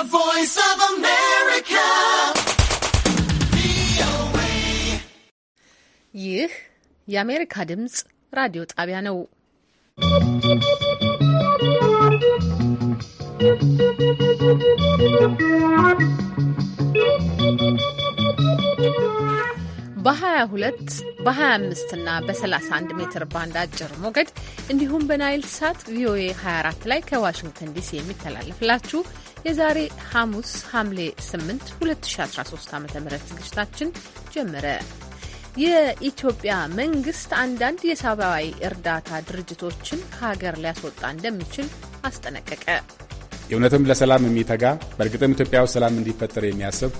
The Voice of America. ይህ የአሜሪካ ድምጽ ራዲዮ ጣቢያ ነው። በ22 በ25 እና በ31 ሜትር ባንድ አጭር ሞገድ እንዲሁም በናይል ሳት ቪኦኤ 24 ላይ ከዋሽንግተን ዲሲ የሚተላለፍላችሁ የዛሬ ሐሙስ ሐምሌ 8 2013 ዓ ም ዝግጅታችን ጀመረ። የኢትዮጵያ መንግስት አንዳንድ የሰብአዊ እርዳታ ድርጅቶችን ከሀገር ሊያስወጣ እንደሚችል አስጠነቀቀ። የእውነትም ለሰላም የሚተጋ በእርግጥም ኢትዮጵያ ውስጥ ሰላም እንዲፈጠር የሚያስብ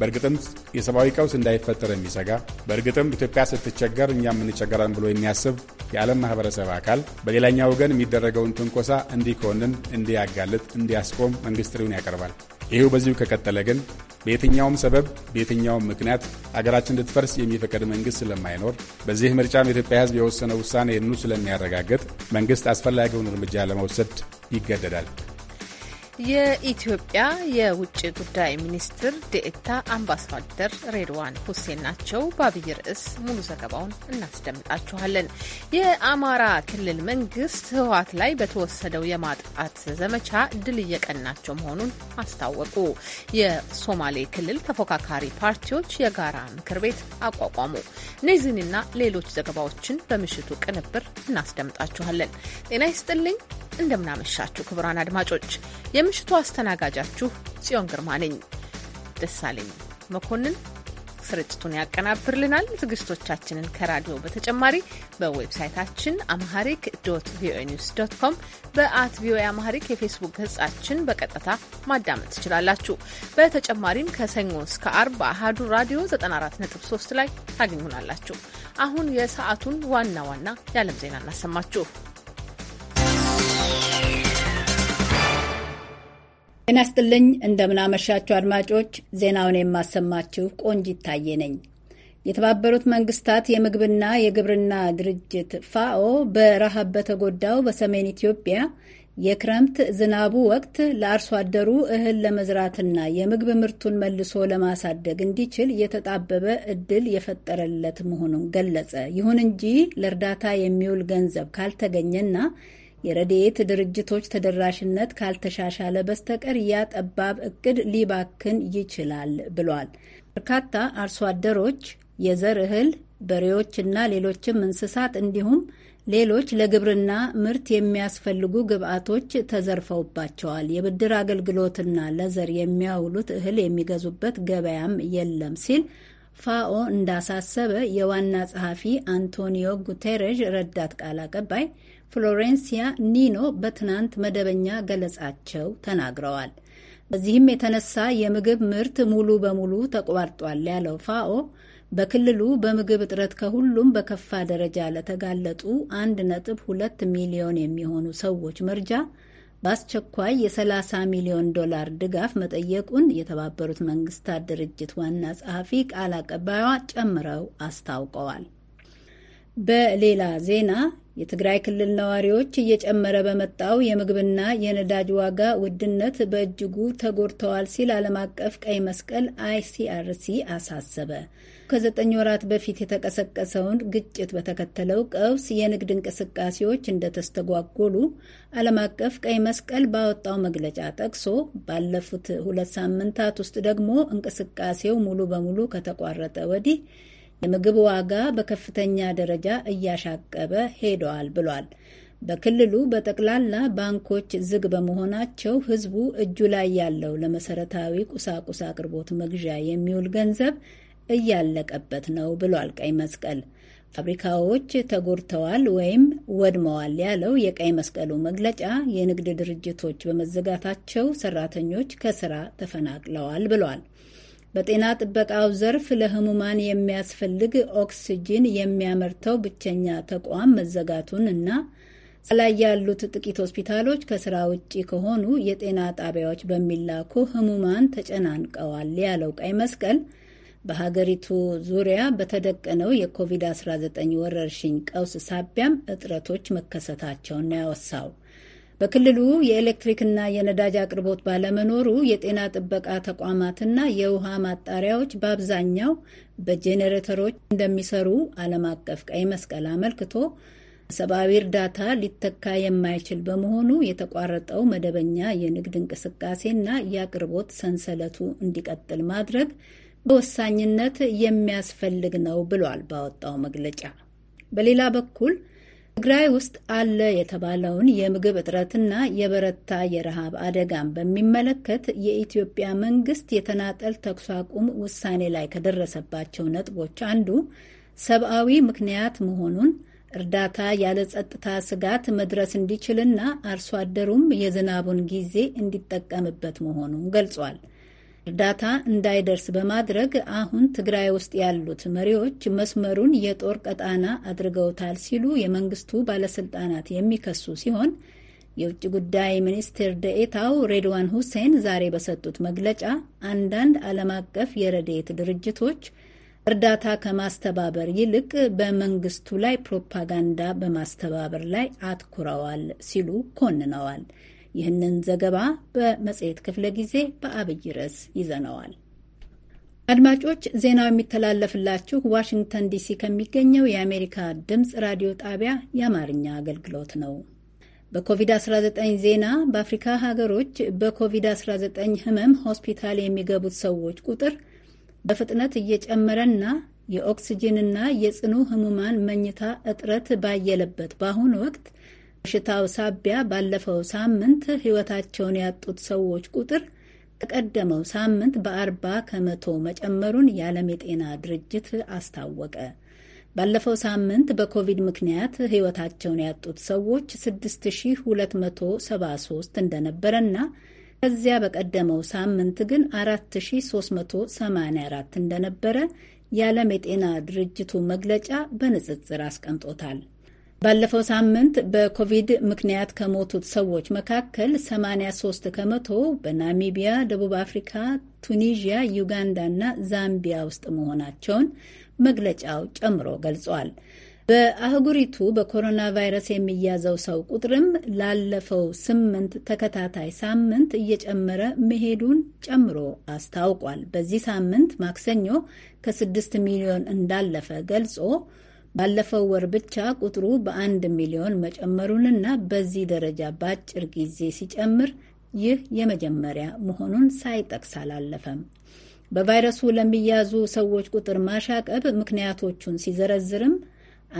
በእርግጥም የሰብአዊ ቀውስ እንዳይፈጠር የሚሰጋ በእርግጥም ኢትዮጵያ ስትቸገር እኛም እንቸገራን ብሎ የሚያስብ የዓለም ማህበረሰብ አካል በሌላኛ ወገን የሚደረገውን ትንኮሳ እንዲኮንን፣ እንዲያጋልጥ፣ እንዲያስቆም መንግሥት ጥሪውን ያቀርባል። ይህው በዚሁ ከቀጠለ ግን በየትኛውም ሰበብ በየትኛውም ምክንያት አገራችን እንድትፈርስ የሚፈቀድ መንግሥት ስለማይኖር በዚህ ምርጫም የኢትዮጵያ ሕዝብ የወሰነ ውሳኔ ይህንኑ ስለሚያረጋግጥ መንግሥት አስፈላጊውን እርምጃ ለመውሰድ ይገደዳል። የኢትዮጵያ የውጭ ጉዳይ ሚኒስትር ዴኤታ አምባሳደር ሬድዋን ሁሴን ናቸው። በአብይ ርዕስ ሙሉ ዘገባውን እናስደምጣችኋለን። የአማራ ክልል መንግስት ህወሓት ላይ በተወሰደው የማጥቃት ዘመቻ ድል እየቀናቸው መሆኑን አስታወቁ። የሶማሌ ክልል ተፎካካሪ ፓርቲዎች የጋራ ምክር ቤት አቋቋሙ። እነዚህንና ሌሎች ዘገባዎችን በምሽቱ ቅንብር እናስደምጣችኋለን። ጤና ይስጥልኝ። እንደምናመሻችሁ ክቡራን አድማጮች የምሽቱ አስተናጋጃችሁ ጽዮን ግርማ ነኝ። ደሳለኝ መኮንን ስርጭቱን ያቀናብርልናል። ዝግጅቶቻችንን ከራዲዮ በተጨማሪ በዌብሳይታችን አምሃሪክ ዶት ቪኦኤ ኒውስ ዶት ኮም፣ በአት ቪኦኤ አምሃሪክ የፌስቡክ ገጻችን በቀጥታ ማዳመጥ ትችላላችሁ። በተጨማሪም ከሰኞ እስከ አርብ በአህዱ ራዲዮ 94.3 ላይ ታገኙናላችሁ። አሁን የሰዓቱን ዋና ዋና የዓለም ዜና እናሰማችሁ። ጤና ይስጥልኝ እንደምናመሻችሁ አድማጮች፣ ዜናውን የማሰማችሁ ቆንጅ ይታየ ነኝ። የተባበሩት መንግስታት የምግብና የግብርና ድርጅት ፋኦ በረሃብ በተጎዳው በሰሜን ኢትዮጵያ የክረምት ዝናቡ ወቅት ለአርሶ አደሩ እህል ለመዝራትና የምግብ ምርቱን መልሶ ለማሳደግ እንዲችል የተጣበበ እድል የፈጠረለት መሆኑን ገለጸ። ይሁን እንጂ ለእርዳታ የሚውል ገንዘብ ካልተገኘና የረድኤት ድርጅቶች ተደራሽነት ካልተሻሻለ በስተቀር ያ ጠባብ እቅድ ሊባክን ይችላል ብሏል። በርካታ አርሶ አደሮች የዘር እህል፣ በሬዎችና ሌሎችም እንስሳት እንዲሁም ሌሎች ለግብርና ምርት የሚያስፈልጉ ግብአቶች ተዘርፈውባቸዋል። የብድር አገልግሎትና ለዘር የሚያውሉት እህል የሚገዙበት ገበያም የለም ሲል ፋኦ እንዳሳሰበ የዋና ጸሐፊ አንቶኒዮ ጉቴሬዥ ረዳት ቃል አቀባይ ፍሎሬንሲያ ኒኖ በትናንት መደበኛ ገለጻቸው ተናግረዋል። በዚህም የተነሳ የምግብ ምርት ሙሉ በሙሉ ተቋርጧል ያለው ፋኦ በክልሉ በምግብ እጥረት ከሁሉም በከፋ ደረጃ ለተጋለጡ 1.2 ሚሊዮን የሚሆኑ ሰዎች መርጃ በአስቸኳይ የ30 ሚሊዮን ዶላር ድጋፍ መጠየቁን የተባበሩት መንግስታት ድርጅት ዋና ጸሐፊ ቃል አቀባዩዋ ጨምረው አስታውቀዋል። በሌላ ዜና የትግራይ ክልል ነዋሪዎች እየጨመረ በመጣው የምግብና የነዳጅ ዋጋ ውድነት በእጅጉ ተጎድተዋል ሲል ዓለም አቀፍ ቀይ መስቀል አይሲአርሲ አሳሰበ። ከዘጠኝ ወራት በፊት የተቀሰቀሰውን ግጭት በተከተለው ቀውስ የንግድ እንቅስቃሴዎች እንደተስተጓጎሉ ዓለም አቀፍ ቀይ መስቀል ባወጣው መግለጫ ጠቅሶ ባለፉት ሁለት ሳምንታት ውስጥ ደግሞ እንቅስቃሴው ሙሉ በሙሉ ከተቋረጠ ወዲህ የምግብ ዋጋ በከፍተኛ ደረጃ እያሻቀበ ሄደዋል ብሏል። በክልሉ በጠቅላላ ባንኮች ዝግ በመሆናቸው ህዝቡ እጁ ላይ ያለው ለመሰረታዊ ቁሳቁስ አቅርቦት መግዣ የሚውል ገንዘብ እያለቀበት ነው ብሏል ቀይ መስቀል። ፋብሪካዎች ተጎድተዋል ወይም ወድመዋል ያለው የቀይ መስቀሉ መግለጫ የንግድ ድርጅቶች በመዘጋታቸው ሰራተኞች ከስራ ተፈናቅለዋል ብሏል። በጤና ጥበቃው ዘርፍ ለህሙማን የሚያስፈልግ ኦክስጂን የሚያመርተው ብቸኛ ተቋም መዘጋቱን እና ላይ ያሉት ጥቂት ሆስፒታሎች ከስራ ውጪ ከሆኑ የጤና ጣቢያዎች በሚላኩ ህሙማን ተጨናንቀዋል ያለው ቀይ መስቀል በሀገሪቱ ዙሪያ በተደቀነው የኮቪድ-19 ወረርሽኝ ቀውስ ሳቢያም እጥረቶች መከሰታቸውን ያወሳው። በክልሉ የኤሌክትሪክና የነዳጅ አቅርቦት ባለመኖሩ የጤና ጥበቃ ተቋማትና የውሃ ማጣሪያዎች በአብዛኛው በጄኔሬተሮች እንደሚሰሩ ዓለም አቀፍ ቀይ መስቀል አመልክቶ ሰብአዊ እርዳታ ሊተካ የማይችል በመሆኑ የተቋረጠው መደበኛ የንግድ እንቅስቃሴና የአቅርቦት ሰንሰለቱ እንዲቀጥል ማድረግ በወሳኝነት የሚያስፈልግ ነው ብሏል ባወጣው መግለጫ። በሌላ በኩል ትግራይ ውስጥ አለ የተባለውን የምግብ እጥረትና የበረታ የረሃብ አደጋን በሚመለከት የኢትዮጵያ መንግስት የተናጠል ተኩስ አቁም ውሳኔ ላይ ከደረሰባቸው ነጥቦች አንዱ ሰብአዊ ምክንያት መሆኑን እርዳታ ያለ ጸጥታ ስጋት መድረስ እንዲችልና አርሶ አደሩም የዝናቡን ጊዜ እንዲጠቀምበት መሆኑን ገልጿል። እርዳታ እንዳይደርስ በማድረግ አሁን ትግራይ ውስጥ ያሉት መሪዎች መስመሩን የጦር ቀጣና አድርገውታል ሲሉ የመንግስቱ ባለስልጣናት የሚከሱ ሲሆን የውጭ ጉዳይ ሚኒስትር ደኤታው ሬድዋን ሁሴን ዛሬ በሰጡት መግለጫ አንዳንድ ዓለም አቀፍ የረድኤት ድርጅቶች እርዳታ ከማስተባበር ይልቅ በመንግስቱ ላይ ፕሮፓጋንዳ በማስተባበር ላይ አትኩረዋል ሲሉ ኮንነዋል። ይህንን ዘገባ በመጽሔት ክፍለ ጊዜ በአብይ ርዕስ ይዘነዋል። አድማጮች ዜናው የሚተላለፍላችሁ ዋሽንግተን ዲሲ ከሚገኘው የአሜሪካ ድምፅ ራዲዮ ጣቢያ የአማርኛ አገልግሎት ነው። በኮቪድ-19 ዜና በአፍሪካ ሀገሮች በኮቪድ-19 ህመም ሆስፒታል የሚገቡት ሰዎች ቁጥር በፍጥነት እየጨመረና የኦክስጂንና የጽኑ ህሙማን መኝታ እጥረት ባየለበት በአሁኑ ወቅት በሽታው ሳቢያ ባለፈው ሳምንት ሕይወታቸውን ያጡት ሰዎች ቁጥር ከቀደመው ሳምንት በአርባ ከመቶ መጨመሩን የዓለም የጤና ድርጅት አስታወቀ። ባለፈው ሳምንት በኮቪድ ምክንያት ሕይወታቸውን ያጡት ሰዎች 6273 እንደነበረና ከዚያ በቀደመው ሳምንት ግን 4384 እንደነበረ የዓለም የጤና ድርጅቱ መግለጫ በንጽጽር አስቀምጦታል። ባለፈው ሳምንት በኮቪድ ምክንያት ከሞቱት ሰዎች መካከል 83 ከመቶ በናሚቢያ፣ ደቡብ አፍሪካ፣ ቱኒዥያ፣ ዩጋንዳ እና ዛምቢያ ውስጥ መሆናቸውን መግለጫው ጨምሮ ገልጿል። በአህጉሪቱ በኮሮና ቫይረስ የሚያዘው ሰው ቁጥርም ላለፈው ስምንት ተከታታይ ሳምንት እየጨመረ መሄዱን ጨምሮ አስታውቋል። በዚህ ሳምንት ማክሰኞ ከስድስት ሚሊዮን እንዳለፈ ገልጾ ባለፈው ወር ብቻ ቁጥሩ በአንድ ሚሊዮን መጨመሩንና በዚህ ደረጃ በአጭር ጊዜ ሲጨምር ይህ የመጀመሪያ መሆኑን ሳይጠቅስ አላለፈም። በቫይረሱ ለሚያዙ ሰዎች ቁጥር ማሻቀብ ምክንያቶቹን ሲዘረዝርም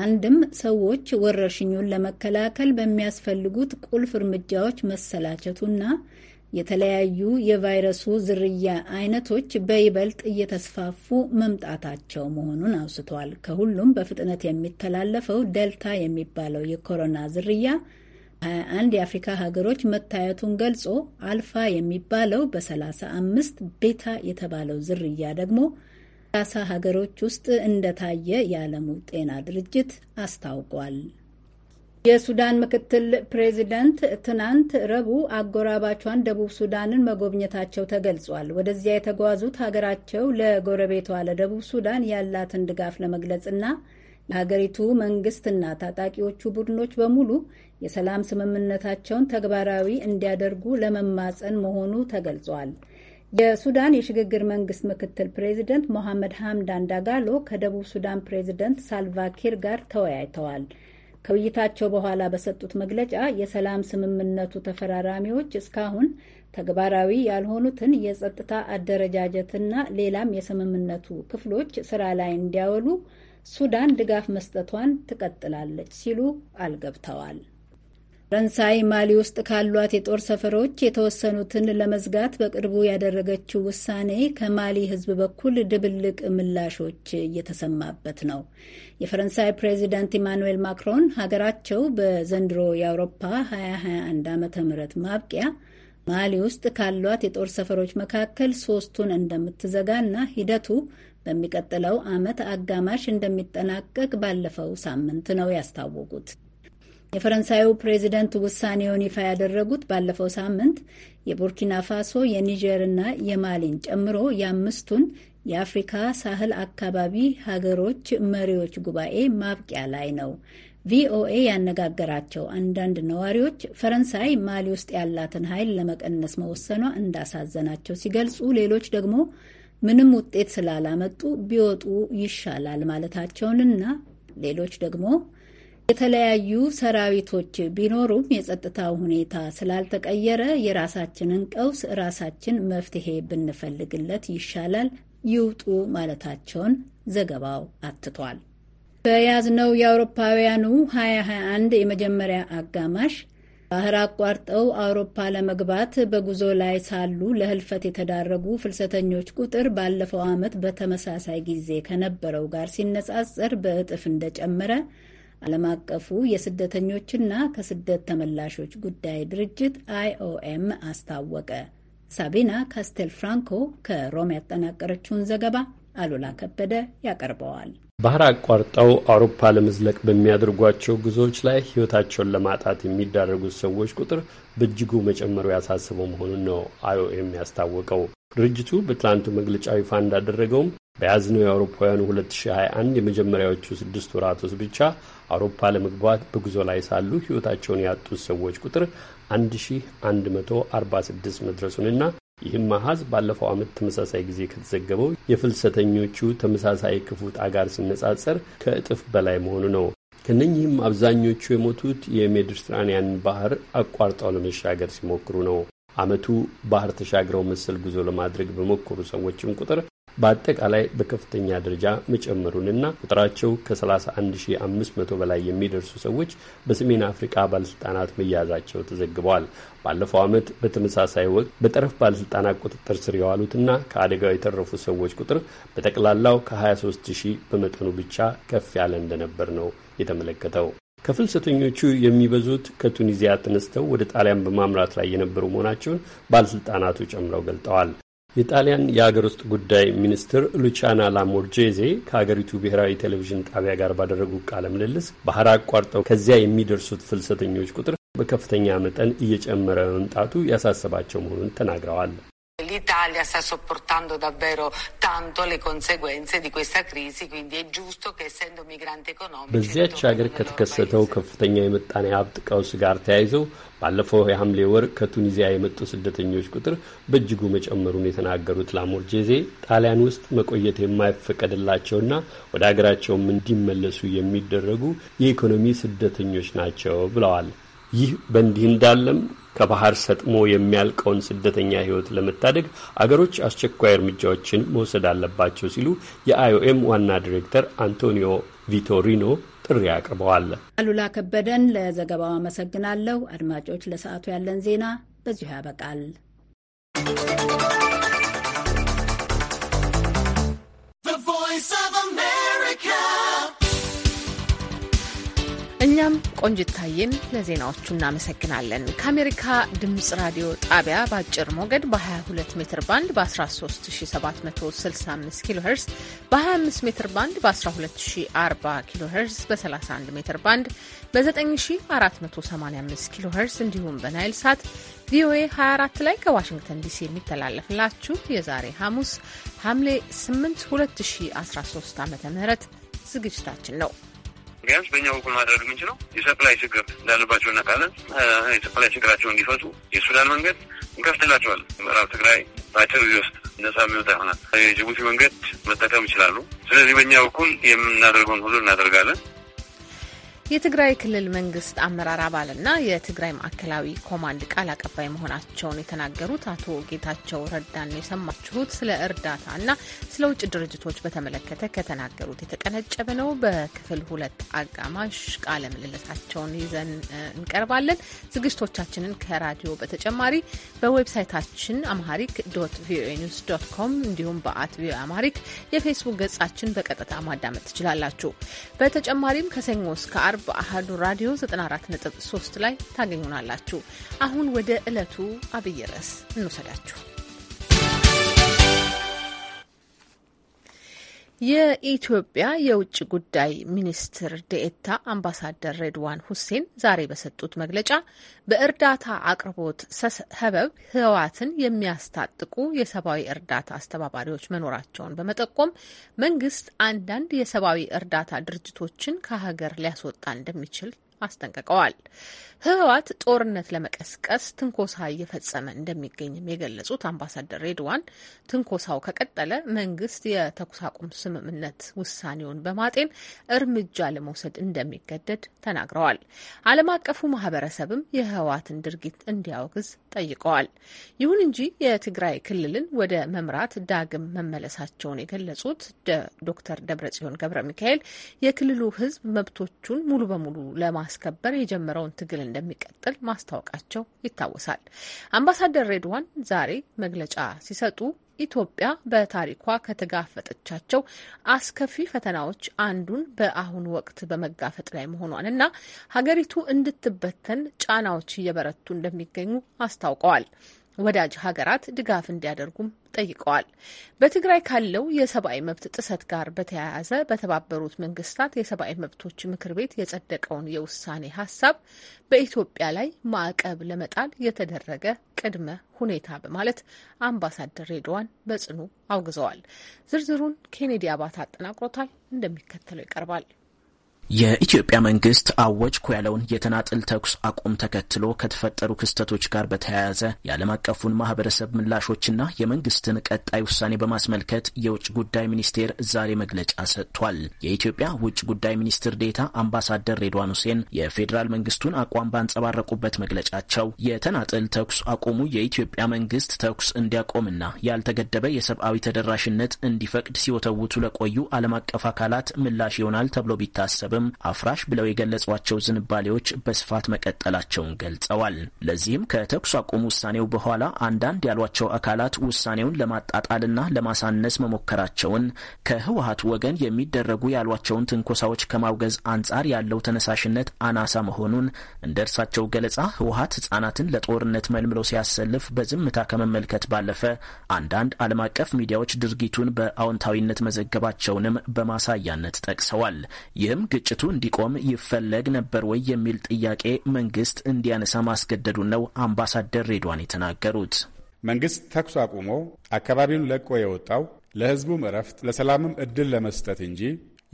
አንድም ሰዎች ወረርሽኙን ለመከላከል በሚያስፈልጉት ቁልፍ እርምጃዎች መሰላቸቱና የተለያዩ የቫይረሱ ዝርያ አይነቶች በይበልጥ እየተስፋፉ መምጣታቸው መሆኑን አውስቷል። ከሁሉም በፍጥነት የሚተላለፈው ደልታ የሚባለው የኮሮና ዝርያ 21 የአፍሪካ ሀገሮች መታየቱን ገልጾ አልፋ የሚባለው በ35 ቤታ የተባለው ዝርያ ደግሞ ሰላሳ ሀገሮች ውስጥ እንደታየ የዓለሙ ጤና ድርጅት አስታውቋል። የሱዳን ምክትል ፕሬዚደንት ትናንት ረቡዕ አጎራባቿን ደቡብ ሱዳንን መጎብኘታቸው ተገልጿል። ወደዚያ የተጓዙት ሀገራቸው ለጎረቤቷ ለደቡብ ሱዳን ያላትን ድጋፍ ለመግለጽና ለሀገሪቱ መንግስትና ታጣቂዎቹ ቡድኖች በሙሉ የሰላም ስምምነታቸውን ተግባራዊ እንዲያደርጉ ለመማፀን መሆኑ ተገልጿል። የሱዳን የሽግግር መንግስት ምክትል ፕሬዚደንት ሞሐመድ ሐምዳን ዳጋሎ ከደቡብ ሱዳን ፕሬዚደንት ሳልቫኪር ጋር ተወያይተዋል። ከውይይታቸው በኋላ በሰጡት መግለጫ የሰላም ስምምነቱ ተፈራራሚዎች እስካሁን ተግባራዊ ያልሆኑትን የጸጥታ አደረጃጀትና ሌላም የስምምነቱ ክፍሎች ስራ ላይ እንዲያውሉ ሱዳን ድጋፍ መስጠቷን ትቀጥላለች ሲሉ አልገብተዋል። ፈረንሳይ ማሊ ውስጥ ካሏት የጦር ሰፈሮች የተወሰኑትን ለመዝጋት በቅርቡ ያደረገችው ውሳኔ ከማሊ ሕዝብ በኩል ድብልቅ ምላሾች እየተሰማበት ነው። የፈረንሳይ ፕሬዚዳንት ኢማኑዌል ማክሮን ሀገራቸው በዘንድሮ የአውሮፓ 2021 ዓ.ም ማብቂያ ማሊ ውስጥ ካሏት የጦር ሰፈሮች መካከል ሶስቱን እንደምትዘጋና ሂደቱ በሚቀጥለው ዓመት አጋማሽ እንደሚጠናቀቅ ባለፈው ሳምንት ነው ያስታወቁት። የፈረንሳዩ ፕሬዚደንት ውሳኔውን ይፋ ያደረጉት ባለፈው ሳምንት የቡርኪና ፋሶ የኒጀርና የማሊን ጨምሮ የአምስቱን የአፍሪካ ሳህል አካባቢ ሀገሮች መሪዎች ጉባኤ ማብቂያ ላይ ነው። ቪኦኤ ያነጋገራቸው አንዳንድ ነዋሪዎች ፈረንሳይ ማሊ ውስጥ ያላትን ኃይል ለመቀነስ መወሰኗ እንዳሳዘናቸው ሲገልጹ፣ ሌሎች ደግሞ ምንም ውጤት ስላላመጡ ቢወጡ ይሻላል ማለታቸውንና ሌሎች ደግሞ የተለያዩ ሰራዊቶች ቢኖሩም የጸጥታው ሁኔታ ስላልተቀየረ የራሳችንን ቀውስ ራሳችን መፍትሄ ብንፈልግለት ይሻላል ይውጡ ማለታቸውን ዘገባው አትቷል። በያዝነው የአውሮፓውያኑ 2021 የመጀመሪያ አጋማሽ ባህር አቋርጠው አውሮፓ ለመግባት በጉዞ ላይ ሳሉ ለህልፈት የተዳረጉ ፍልሰተኞች ቁጥር ባለፈው ዓመት በተመሳሳይ ጊዜ ከነበረው ጋር ሲነጻጸር በእጥፍ እንደጨመረ ዓለም አቀፉ የስደተኞችና ከስደት ተመላሾች ጉዳይ ድርጅት አይኦኤም አስታወቀ። ሳቢና ካስቴል ፍራንኮ ከሮም ያጠናቀረችውን ዘገባ አሉላ ከበደ ያቀርበዋል። ባህር አቋርጠው አውሮፓ ለመዝለቅ በሚያደርጓቸው ጉዞዎች ላይ ሕይወታቸውን ለማጣት የሚዳረጉት ሰዎች ቁጥር በእጅጉ መጨመሩ ያሳስበው መሆኑን ነው አይኦኤም ያስታወቀው። ድርጅቱ በትላንቱ መግለጫው ይፋ እንዳደረገውም በያዝነው የአውሮፓውያኑ 2021 የመጀመሪያዎቹ ስድስት ወራት ውስጥ ብቻ አውሮፓ ለመግባት በጉዞ ላይ ሳሉ ሕይወታቸውን ያጡት ሰዎች ቁጥር 1146 መድረሱንና ይህም አሀዝ ባለፈው ዓመት ተመሳሳይ ጊዜ ከተዘገበው የፍልሰተኞቹ ተመሳሳይ ክፉ ጣጋር ሲነጻጸር ከእጥፍ በላይ መሆኑ ነው። ከነኚህም አብዛኞቹ የሞቱት የሜዲትራንያን ባህር አቋርጠው ለመሻገር ሲሞክሩ ነው። ዓመቱ ባህር ተሻግረው መሰል ጉዞ ለማድረግ በሞከሩ ሰዎችም ቁጥር በአጠቃላይ በከፍተኛ ደረጃ መጨመሩንና ቁጥራቸው ከ31500 በላይ የሚደርሱ ሰዎች በሰሜን አፍሪካ ባለስልጣናት መያዛቸው ተዘግበዋል። ባለፈው ዓመት በተመሳሳይ ወቅት በጠረፍ ባለስልጣናት ቁጥጥር ስር የዋሉትና ከአደጋው የተረፉ ሰዎች ቁጥር በጠቅላላው ከ23 ሺህ በመጠኑ ብቻ ከፍ ያለ እንደነበር ነው የተመለከተው። ከፍልሰተኞቹ የሚበዙት ከቱኒዚያ ተነስተው ወደ ጣሊያን በማምራት ላይ የነበሩ መሆናቸውን ባለስልጣናቱ ጨምረው ገልጠዋል። የጣሊያን የአገር ውስጥ ጉዳይ ሚኒስትር ሉቻና ላሞርጄዜ ከሀገሪቱ ብሔራዊ ቴሌቪዥን ጣቢያ ጋር ባደረጉ ቃለ ምልልስ ባህር አቋርጠው ከዚያ የሚደርሱት ፍልሰተኞች ቁጥር በከፍተኛ መጠን እየጨመረ መምጣቱ ያሳሰባቸው መሆኑን ተናግረዋል። L'Italia sta sopportando davvero tanto le conseguenze di questa crisi, quindi è giusto che essendo migrante economico በዚያች ሀገር ከተከሰተው ከፍተኛ የምጣኔ ሀብት ቀውስ ጋር ተያይዘው ባለፈው የሐምሌ ወር ከቱኒዚያ የመጡ ስደተኞች ቁጥር በእጅጉ መጨመሩን የተናገሩት ላሞርጄዜ ጣሊያን ውስጥ መቆየት የማይፈቀድላቸውና ወደ ሀገራቸውም እንዲመለሱ የሚደረጉ የኢኮኖሚ ስደተኞች ናቸው ብለዋል። ይህ በእንዲህ እንዳለም ከባህር ሰጥሞ የሚያልቀውን ስደተኛ ህይወት ለመታደግ አገሮች አስቸኳይ እርምጃዎችን መውሰድ አለባቸው ሲሉ የአይኦኤም ዋና ዲሬክተር አንቶኒዮ ቪቶሪኖ ጥሪ አቅርበዋል። አሉላ ከበደን ለዘገባው አመሰግናለሁ። አድማጮች፣ ለሰዓቱ ያለን ዜና በዚሁ ያበቃል። እኛም ቆንጅታዬን ለዜናዎቹ እናመሰግናለን። ከአሜሪካ ድምፅ ራዲዮ ጣቢያ በአጭር ሞገድ በ22 ሜትር ባንድ በ13765 ኪሎ ሄርዝ በ25 ሜትር ባንድ በ1240 ኪሎ ሄርዝ በ31 ሜትር ባንድ በ9485 ኪሎ ሄርዝ እንዲሁም በናይል ሳት ቪኦኤ 24 ላይ ከዋሽንግተን ዲሲ የሚተላለፍላችሁ የዛሬ ሐሙስ ሐምሌ 8 2013 ዓ ም ዝግጅታችን ነው። ቢያንስ በእኛ በኩል ማድረግ የምንችለው የሰፕላይ ችግር እንዳለባቸው እናውቃለን። የሰፕላይ ችግራቸው እንዲፈቱ የሱዳን መንገድ እንከፍትላቸዋለን። ምዕራብ ትግራይ በአጭር ጊዜ ውስጥ ነጻ የሚወጣ ይሆናል። የጅቡቲ መንገድ መጠቀም ይችላሉ። ስለዚህ በእኛ በኩል የምናደርገውን ሁሉ እናደርጋለን። የትግራይ ክልል መንግስት አመራር አባልና የትግራይ ማዕከላዊ ኮማንድ ቃል አቀባይ መሆናቸውን የተናገሩት አቶ ጌታቸው ረዳን የሰማችሁት ስለ እርዳታና ስለ ውጭ ድርጅቶች በተመለከተ ከተናገሩት የተቀነጨበ ነው። በክፍል ሁለት አጋማሽ ቃለ ምልልሳቸውን ይዘን እንቀርባለን። ዝግጅቶቻችንን ከራዲዮ በተጨማሪ በዌብሳይታችን አምሃሪክ ዶት ቪኦኤ ኒውስ ዶት ኮም እንዲሁም በአት ቪኦኤ አምሃሪክ የፌስቡክ ገጻችን በቀጥታ ማዳመጥ ትችላላችሁ። በተጨማሪም ከሰኞ እስከ አርብ በአህዱ ራዲዮ 94.3 ላይ ታገኙናላችሁ። አሁን ወደ ዕለቱ አብይ ርዕስ እንውሰዳችሁ። የኢትዮጵያ የውጭ ጉዳይ ሚኒስትር ዴኤታ አምባሳደር ሬድዋን ሁሴን ዛሬ በሰጡት መግለጫ በእርዳታ አቅርቦት ሰበብ ህወሓትን የሚያስታጥቁ የሰብአዊ እርዳታ አስተባባሪዎች መኖራቸውን በመጠቆም መንግስት አንዳንድ የሰብአዊ እርዳታ ድርጅቶችን ከሀገር ሊያስወጣ እንደሚችል አስጠንቅቀዋል። ህወሓት ጦርነት ለመቀስቀስ ትንኮሳ እየፈጸመ እንደሚገኝም የገለጹት አምባሳደር ሬድዋን ትንኮሳው ከቀጠለ መንግስት የተኩስ አቁም ስምምነት ውሳኔውን በማጤን እርምጃ ለመውሰድ እንደሚገደድ ተናግረዋል። ዓለም አቀፉ ማህበረሰብም የህወሓትን ድርጊት እንዲያወግዝ ጠይቀዋል። ይሁን እንጂ የትግራይ ክልልን ወደ መምራት ዳግም መመለሳቸውን የገለጹት ዶክተር ደብረጽዮን ገብረ ሚካኤል የክልሉ ህዝብ መብቶቹን ሙሉ በሙሉ ለማስከበር የጀመረውን ትግል እንደሚቀጥል ማስታወቃቸው ይታወሳል። አምባሳደር ሬድዋን ዛሬ መግለጫ ሲሰጡ ኢትዮጵያ በታሪኳ ከተጋፈጠቻቸው አስከፊ ፈተናዎች አንዱን በአሁኑ ወቅት በመጋፈጥ ላይ እና ሀገሪቱ እንድትበተን ጫናዎች እየበረቱ እንደሚገኙ አስታውቀዋል። ወዳጅ ሀገራት ድጋፍ እንዲያደርጉም ጠይቀዋል። በትግራይ ካለው የሰብአዊ መብት ጥሰት ጋር በተያያዘ በተባበሩት መንግስታት የሰብአዊ መብቶች ምክር ቤት የጸደቀውን የውሳኔ ሀሳብ በኢትዮጵያ ላይ ማዕቀብ ለመጣል የተደረገ ቅድመ ሁኔታ በማለት አምባሳደር ሬድዋን በጽኑ አውግዘዋል። ዝርዝሩን ኬኔዲ አባት አጠናቅሮታል፣ እንደሚከተለው ይቀርባል። የኢትዮጵያ መንግስት አወጅኩ ያለውን የተናጥል ተኩስ አቁም ተከትሎ ከተፈጠሩ ክስተቶች ጋር በተያያዘ የዓለም አቀፉን ማህበረሰብ ምላሾችና የመንግስትን ቀጣይ ውሳኔ በማስመልከት የውጭ ጉዳይ ሚኒስቴር ዛሬ መግለጫ ሰጥቷል። የኢትዮጵያ ውጭ ጉዳይ ሚኒስትር ዴታ አምባሳደር ሬድዋን ሁሴን የፌዴራል መንግስቱን አቋም ባንጸባረቁበት መግለጫቸው የተናጥል ተኩስ አቁሙ የኢትዮጵያ መንግስት ተኩስ እንዲያቆምና ያልተገደበ የሰብአዊ ተደራሽነት እንዲፈቅድ ሲወተውቱ ለቆዩ ዓለም አቀፍ አካላት ምላሽ ይሆናል ተብሎ ቢታሰብም ቢኖርም አፍራሽ ብለው የገለጿቸው ዝንባሌዎች በስፋት መቀጠላቸውን ገልጸዋል። ለዚህም ከተኩስ አቁም ውሳኔው በኋላ አንዳንድ ያሏቸው አካላት ውሳኔውን ለማጣጣልና ለማሳነስ መሞከራቸውን ከህወሀት ወገን የሚደረጉ ያሏቸውን ትንኮሳዎች ከማውገዝ አንጻር ያለው ተነሳሽነት አናሳ መሆኑን እንደ እርሳቸው ገለጻ ህወሀት ህጻናትን ለጦርነት መልምለው ሲያሰልፍ በዝምታ ከመመልከት ባለፈ አንዳንድ ዓለም አቀፍ ሚዲያዎች ድርጊቱን በአዎንታዊነት መዘገባቸውንም በማሳያነት ጠቅሰዋል። ይህም ግጭ ግጭቱ እንዲቆም ይፈለግ ነበር ወይ የሚል ጥያቄ መንግስት እንዲያነሳ ማስገደዱን ነው አምባሳደር ሬድዋን የተናገሩት። መንግስት ተኩስ አቁሞ አካባቢውን ለቆ የወጣው ለህዝቡም እረፍት ለሰላምም እድል ለመስጠት እንጂ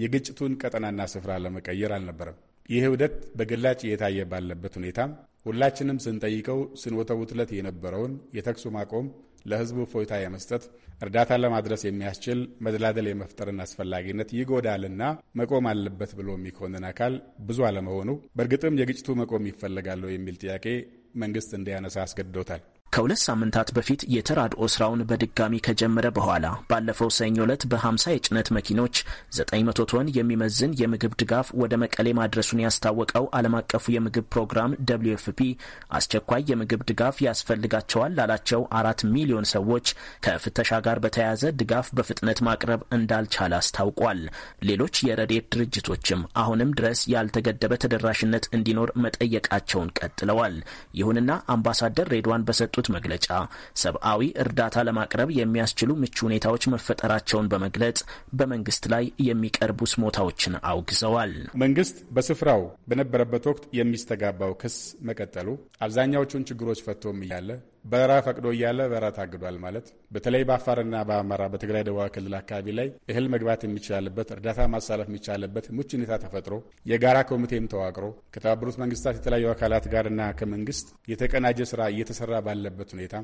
የግጭቱን ቀጠናና ስፍራ ለመቀየር አልነበረም። ይህ ውደት በግላጭ እየታየ ባለበት ሁኔታም ሁላችንም ስንጠይቀው ስንወተውትለት የነበረውን የተኩሱ ማቆም ለህዝቡ ፎይታ የመስጠት እርዳታ ለማድረስ የሚያስችል መደላደል የመፍጠርን አስፈላጊነት ይጎዳልና መቆም አለበት ብሎ የሚኮንን አካል ብዙ አለመሆኑ በእርግጥም የግጭቱ መቆም ይፈለጋለሁ የሚል ጥያቄ መንግስት እንዲያነሳ አስገድዶታል። ከሁለት ሳምንታት በፊት የተራድኦ ስራውን በድጋሚ ከጀመረ በኋላ ባለፈው ሰኞ ዕለት በ50 የጭነት መኪኖች 900 ቶን የሚመዝን የምግብ ድጋፍ ወደ መቀሌ ማድረሱን ያስታወቀው ዓለም አቀፉ የምግብ ፕሮግራም ደብሊው ኤፍ ፒ አስቸኳይ የምግብ ድጋፍ ያስፈልጋቸዋል ላላቸው አራት ሚሊዮን ሰዎች ከፍተሻ ጋር በተያያዘ ድጋፍ በፍጥነት ማቅረብ እንዳልቻለ አስታውቋል። ሌሎች የረድኤት ድርጅቶችም አሁንም ድረስ ያልተገደበ ተደራሽነት እንዲኖር መጠየቃቸውን ቀጥለዋል። ይሁንና አምባሳደር ሬድዋን በሰጡት ባወጡት መግለጫ ሰብአዊ እርዳታ ለማቅረብ የሚያስችሉ ምቹ ሁኔታዎች መፈጠራቸውን በመግለጽ በመንግስት ላይ የሚቀርቡ ስሞታዎችን አውግዘዋል። መንግስት በስፍራው በነበረበት ወቅት የሚስተጋባው ክስ መቀጠሉ አብዛኛዎቹን ችግሮች ፈቶም እያለ በረራ ፈቅዶ እያለ በረራ ታግዷል ማለት በተለይ በአፋርና በአማራ በትግራይ ደቡባዊ ክልል አካባቢ ላይ እህል መግባት የሚቻልበት እርዳታ ማሳለፍ የሚቻልበት ምቹ ሁኔታ ተፈጥሮ የጋራ ኮሚቴም ተዋቅሮ ከተባበሩት መንግስታት የተለያዩ አካላት ጋርና ከመንግስት የተቀናጀ ስራ እየተሰራ ባለበት ሁኔታ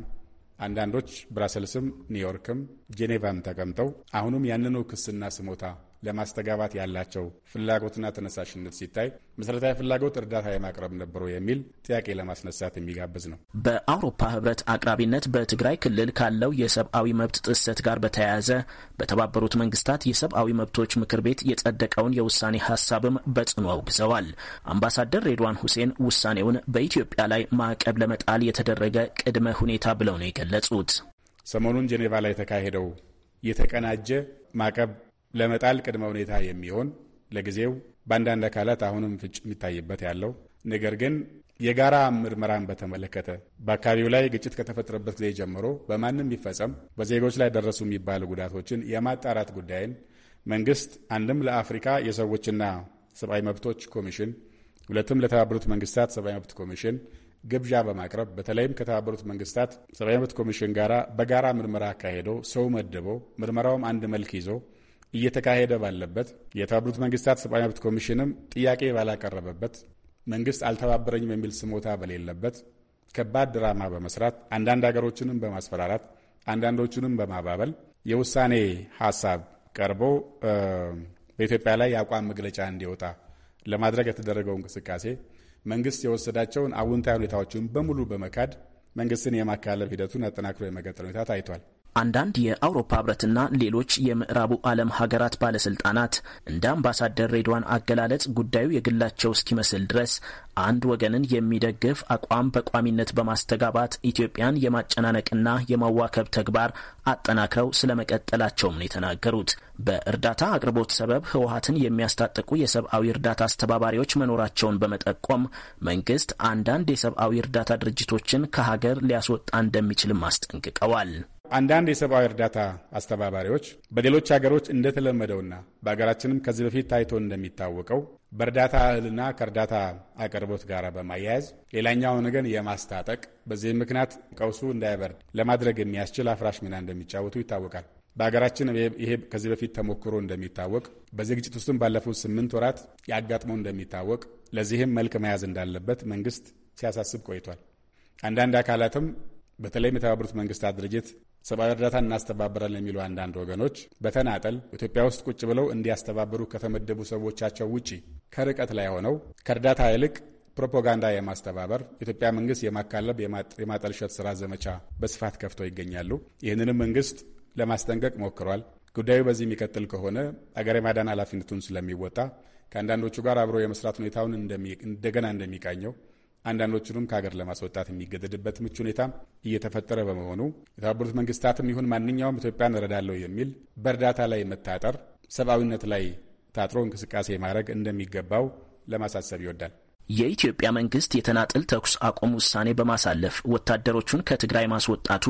አንዳንዶች ብራሰልስም ኒውዮርክም ጄኔቫም ተቀምጠው አሁንም ያንኑ ክስና ስሞታ ለማስተጋባት ያላቸው ፍላጎትና ተነሳሽነት ሲታይ መሰረታዊ ፍላጎት እርዳታ የማቅረብ ነበረው የሚል ጥያቄ ለማስነሳት የሚጋብዝ ነው። በአውሮፓ ህብረት አቅራቢነት በትግራይ ክልል ካለው የሰብአዊ መብት ጥሰት ጋር በተያያዘ በተባበሩት መንግስታት የሰብአዊ መብቶች ምክር ቤት የጸደቀውን የውሳኔ ሀሳብም በጽኑ አውግዘዋል። አምባሳደር ሬድዋን ሁሴን ውሳኔውን በኢትዮጵያ ላይ ማዕቀብ ለመጣል የተደረገ ቅድመ ሁኔታ ብለው ነው የገለጹት። ሰሞኑን ጄኔቫ ላይ የተካሄደው የተቀናጀ ማዕቀብ ለመጣል ቅድመ ሁኔታ የሚሆን ለጊዜው በአንዳንድ አካላት አሁንም ፍጭ የሚታይበት ያለው ነገር ግን የጋራ ምርመራን በተመለከተ በአካባቢው ላይ ግጭት ከተፈጠረበት ጊዜ ጀምሮ በማንም የሚፈጸም በዜጎች ላይ ደረሱ የሚባሉ ጉዳቶችን የማጣራት ጉዳይን መንግስት አንድም ለአፍሪካ የሰዎችና ሰብአዊ መብቶች ኮሚሽን ሁለትም ለተባበሩት መንግስታት ሰብአዊ መብት ኮሚሽን ግብዣ በማቅረብ በተለይም ከተባበሩት መንግስታት ሰብአዊ መብት ኮሚሽን ጋራ በጋራ ምርመራ አካሄደው ሰው መድቦ ምርመራውም አንድ መልክ ይዞ እየተካሄደ ባለበት የተባበሩት መንግስታት ሰብአዊ መብት ኮሚሽንም ጥያቄ ባላቀረበበት መንግስት አልተባበረኝም የሚል ስሞታ በሌለበት ከባድ ድራማ በመስራት አንዳንድ ሀገሮችንም በማስፈራራት አንዳንዶቹንም በማባበል የውሳኔ ሀሳብ ቀርቦ በኢትዮጵያ ላይ የአቋም መግለጫ እንዲወጣ ለማድረግ የተደረገው እንቅስቃሴ መንግስት የወሰዳቸውን አውንታዊ ሁኔታዎችን በሙሉ በመካድ መንግስትን የማካለብ ሂደቱን አጠናክሮ የመቀጠል ሁኔታ ታይቷል። አንዳንድ የአውሮፓ ህብረትና ሌሎች የምዕራቡ ዓለም ሀገራት ባለስልጣናት እንደ አምባሳደር ሬድዋን አገላለጽ ጉዳዩ የግላቸው እስኪመስል ድረስ አንድ ወገንን የሚደግፍ አቋም በቋሚነት በማስተጋባት ኢትዮጵያን የማጨናነቅና የማዋከብ ተግባር አጠናክረው ስለመቀጠላቸውም ነው የተናገሩት። በእርዳታ አቅርቦት ሰበብ ህወሀትን የሚያስታጥቁ የሰብአዊ እርዳታ አስተባባሪዎች መኖራቸውን በመጠቆም መንግስት አንዳንድ የሰብአዊ እርዳታ ድርጅቶችን ከሀገር ሊያስወጣ እንደሚችልም አስጠንቅቀዋል። አንዳንድ የሰብአዊ እርዳታ አስተባባሪዎች በሌሎች ሀገሮች እንደተለመደውና በሀገራችንም ከዚህ በፊት ታይቶ እንደሚታወቀው በእርዳታ እህልና ከእርዳታ አቅርቦት ጋር በማያያዝ ሌላኛውን ወገን የማስታጠቅ በዚህም ምክንያት ቀውሱ እንዳይበርድ ለማድረግ የሚያስችል አፍራሽ ሚና እንደሚጫወቱ ይታወቃል። በሀገራችን ይሄ ከዚህ በፊት ተሞክሮ እንደሚታወቅ በዚህ ግጭት ውስጥም ባለፉት ስምንት ወራት ያጋጥመው እንደሚታወቅ ለዚህም መልክ መያዝ እንዳለበት መንግስት ሲያሳስብ ቆይቷል። አንዳንድ አካላትም በተለይም የተባበሩት መንግስታት ድርጅት ሰብአዊ እርዳታ እናስተባበራለን የሚሉ አንዳንድ ወገኖች በተናጠል ኢትዮጵያ ውስጥ ቁጭ ብለው እንዲያስተባብሩ ከተመደቡ ሰዎቻቸው ውጪ ከርቀት ላይ ሆነው ከእርዳታ ይልቅ ፕሮፓጋንዳ የማስተባበር ኢትዮጵያ መንግስት የማካለብ የማጠልሸት ስራ ዘመቻ በስፋት ከፍተው ይገኛሉ። ይህንንም መንግስት ለማስጠንቀቅ ሞክሯል። ጉዳዩ በዚህ የሚቀጥል ከሆነ አገር የማዳን ኃላፊነቱን ስለሚወጣ ከአንዳንዶቹ ጋር አብሮ የመስራት ሁኔታውን እንደገና እንደሚቃኘው አንዳንዶቹንም ከሀገር ለማስወጣት የሚገደድበት ምቹ ሁኔታ እየተፈጠረ በመሆኑ የተባበሩት መንግስታትም ይሁን ማንኛውም ኢትዮጵያን እረዳለሁ የሚል በእርዳታ ላይ መታጠር ሰብአዊነት ላይ ታጥሮ እንቅስቃሴ ማድረግ እንደሚገባው ለማሳሰብ ይወዳል። የኢትዮጵያ መንግስት የተናጥል ተኩስ አቁም ውሳኔ በማሳለፍ ወታደሮቹን ከትግራይ ማስወጣቱ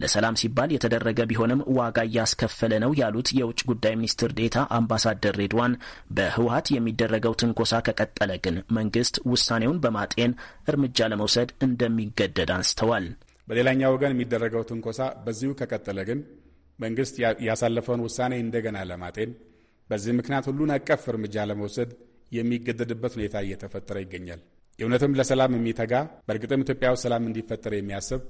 ለሰላም ሲባል የተደረገ ቢሆንም ዋጋ እያስከፈለ ነው ያሉት የውጭ ጉዳይ ሚኒስትር ዴታ አምባሳደር ሬድዋን በህወሀት የሚደረገው ትንኮሳ ከቀጠለ ግን መንግስት ውሳኔውን በማጤን እርምጃ ለመውሰድ እንደሚገደድ አንስተዋል። በሌላኛው ወገን የሚደረገው ትንኮሳ በዚሁ ከቀጠለ ግን መንግስት ያሳለፈውን ውሳኔ እንደገና ለማጤን በዚህ ምክንያት ሁሉን አቀፍ እርምጃ ለመውሰድ የሚገደድበት ሁኔታ እየተፈጠረ ይገኛል። እውነትም ለሰላም የሚተጋ በእርግጥም ኢትዮጵያ ውስጥ ሰላም እንዲፈጠር የሚያስብ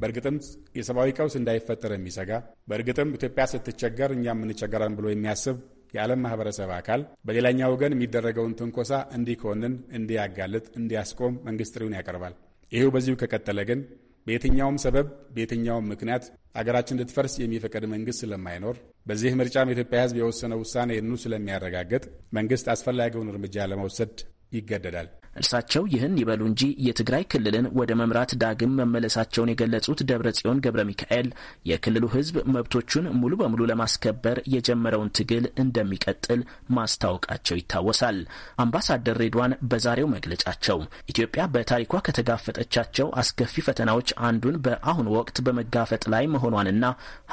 በእርግጥም የሰብአዊ ቀውስ እንዳይፈጠር የሚሰጋ በእርግጥም ኢትዮጵያ ስትቸገር እኛ የምንቸገራን ብሎ የሚያስብ የዓለም ማህበረሰብ አካል በሌላኛው ወገን የሚደረገውን ትንኮሳ እንዲኮንን፣ እንዲያጋልጥ፣ እንዲያስቆም መንግስት ጥሪውን ያቀርባል። ይህው በዚሁ ከቀጠለ ግን በየትኛውም ሰበብ በየትኛውም ምክንያት አገራችን እንድትፈርስ የሚፈቀድ መንግስት ስለማይኖር በዚህ ምርጫም የኢትዮጵያ ሕዝብ የወሰነ ውሳኔ ይህንኑ ስለሚያረጋግጥ መንግስት አስፈላጊውን እርምጃ ለመውሰድ ይገደዳል። እርሳቸው ይህን ይበሉ እንጂ የትግራይ ክልልን ወደ መምራት ዳግም መመለሳቸውን የገለጹት ደብረጽዮን ገብረ ሚካኤል የክልሉ ሕዝብ መብቶቹን ሙሉ በሙሉ ለማስከበር የጀመረውን ትግል እንደሚቀጥል ማስታወቃቸው ይታወሳል። አምባሳደር ሬድዋን በዛሬው መግለጫቸው ኢትዮጵያ በታሪኳ ከተጋፈጠቻቸው አስከፊ ፈተናዎች አንዱን በአሁኑ ወቅት በመጋፈጥ ላይ መሆኗንና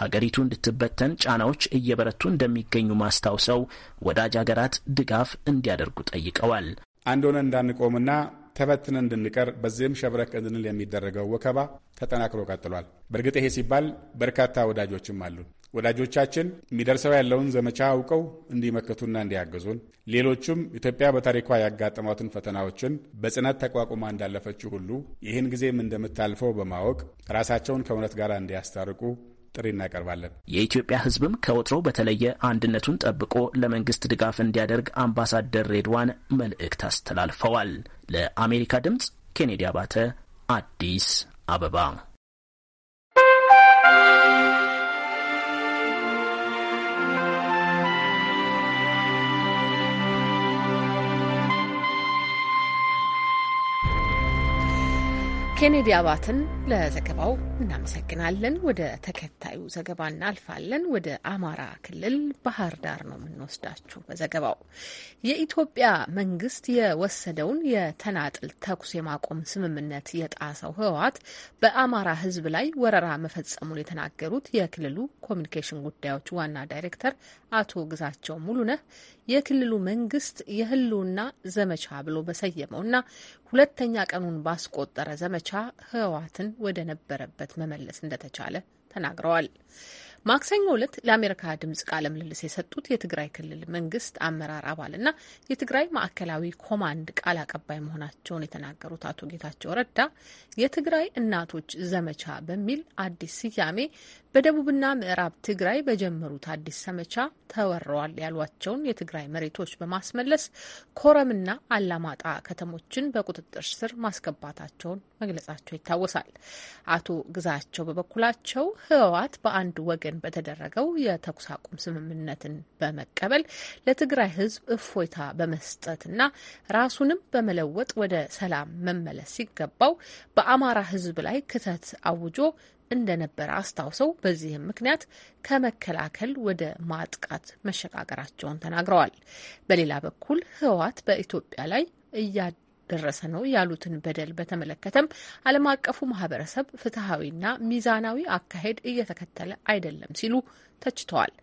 ሀገሪቱ እንድትበተን ጫናዎች እየበረቱ እንደሚገኙ ማስታውሰው ወዳጅ ሀገራት ድጋፍ እንዲያደርጉ ጠይቀዋል። አንድ ሆነ እንዳንቆምና ተበትነ እንድንቀር በዚህም ሸብረክ እንድንል የሚደረገው ወከባ ተጠናክሮ ቀጥሏል። በእርግጥ ይሄ ሲባል በርካታ ወዳጆችም አሉን። ወዳጆቻችን የሚደርሰው ያለውን ዘመቻ አውቀው እንዲመክቱና እንዲያግዙን፣ ሌሎቹም ኢትዮጵያ በታሪኳ ያጋጠሟትን ፈተናዎችን በጽናት ተቋቁማ እንዳለፈችው ሁሉ ይህን ጊዜም እንደምታልፈው በማወቅ ራሳቸውን ከእውነት ጋር እንዲያስታርቁ ጥሪ እናቀርባለን። የኢትዮጵያ ሕዝብም ከወትሮ በተለየ አንድነቱን ጠብቆ ለመንግስት ድጋፍ እንዲያደርግ አምባሳደር ሬድዋን መልእክት አስተላልፈዋል። ለአሜሪካ ድምጽ ኬኔዲ አባተ አዲስ አበባ ኬኔዲ አባትን ለዘገባው እናመሰግናለን። ወደ ተከታዩ ዘገባ እናልፋለን። ወደ አማራ ክልል ባህር ዳር ነው የምንወስዳችሁ። በዘገባው የኢትዮጵያ መንግስት የወሰደውን የተናጥል ተኩስ የማቆም ስምምነት የጣሰው ህወሓት በአማራ ህዝብ ላይ ወረራ መፈጸሙን የተናገሩት የክልሉ ኮሚኒኬሽን ጉዳዮች ዋና ዳይሬክተር አቶ ግዛቸው ሙሉነህ የክልሉ መንግስት የህልውና ዘመቻ ብሎ በሰየመውና ሁለተኛ ቀኑን ባስቆጠረ ዘመቻ ህወሓትን ወደ ነበረበት መመለስ እንደተቻለ ተናግረዋል። ማክሰኞ እለት ለአሜሪካ ድምጽ ቃለ ምልልስ የሰጡት የትግራይ ክልል መንግስት አመራር አባልና የትግራይ ማዕከላዊ ኮማንድ ቃል አቀባይ መሆናቸውን የተናገሩት አቶ ጌታቸው ረዳ የትግራይ እናቶች ዘመቻ በሚል አዲስ ስያሜ በደቡብና ምዕራብ ትግራይ በጀመሩት አዲስ ዘመቻ ተወረዋል ያሏቸውን የትግራይ መሬቶች በማስመለስ ኮረምና አላማጣ ከተሞችን በቁጥጥር ስር ማስገባታቸውን መግለጻቸው ይታወሳል። አቶ ግዛቸው በበኩላቸው ህወሓት በአንድ ወገን በተደረገው የተኩስ አቁም ስምምነትን በመቀበል ለትግራይ ህዝብ እፎይታ በመስጠትና ራሱንም በመለወጥ ወደ ሰላም መመለስ ሲገባው በአማራ ህዝብ ላይ ክተት አውጆ እንደነበረ አስታውሰው በዚህም ምክንያት ከመከላከል ወደ ማጥቃት መሸጋገራቸውን ተናግረዋል። በሌላ በኩል ህወሓት በኢትዮጵያ ላይ እያደረሰ ነው ያሉትን በደል በተመለከተም ዓለም አቀፉ ማህበረሰብ ፍትሐዊና ሚዛናዊ አካሄድ እየተከተለ አይደለም ሲሉ ተችተዋል።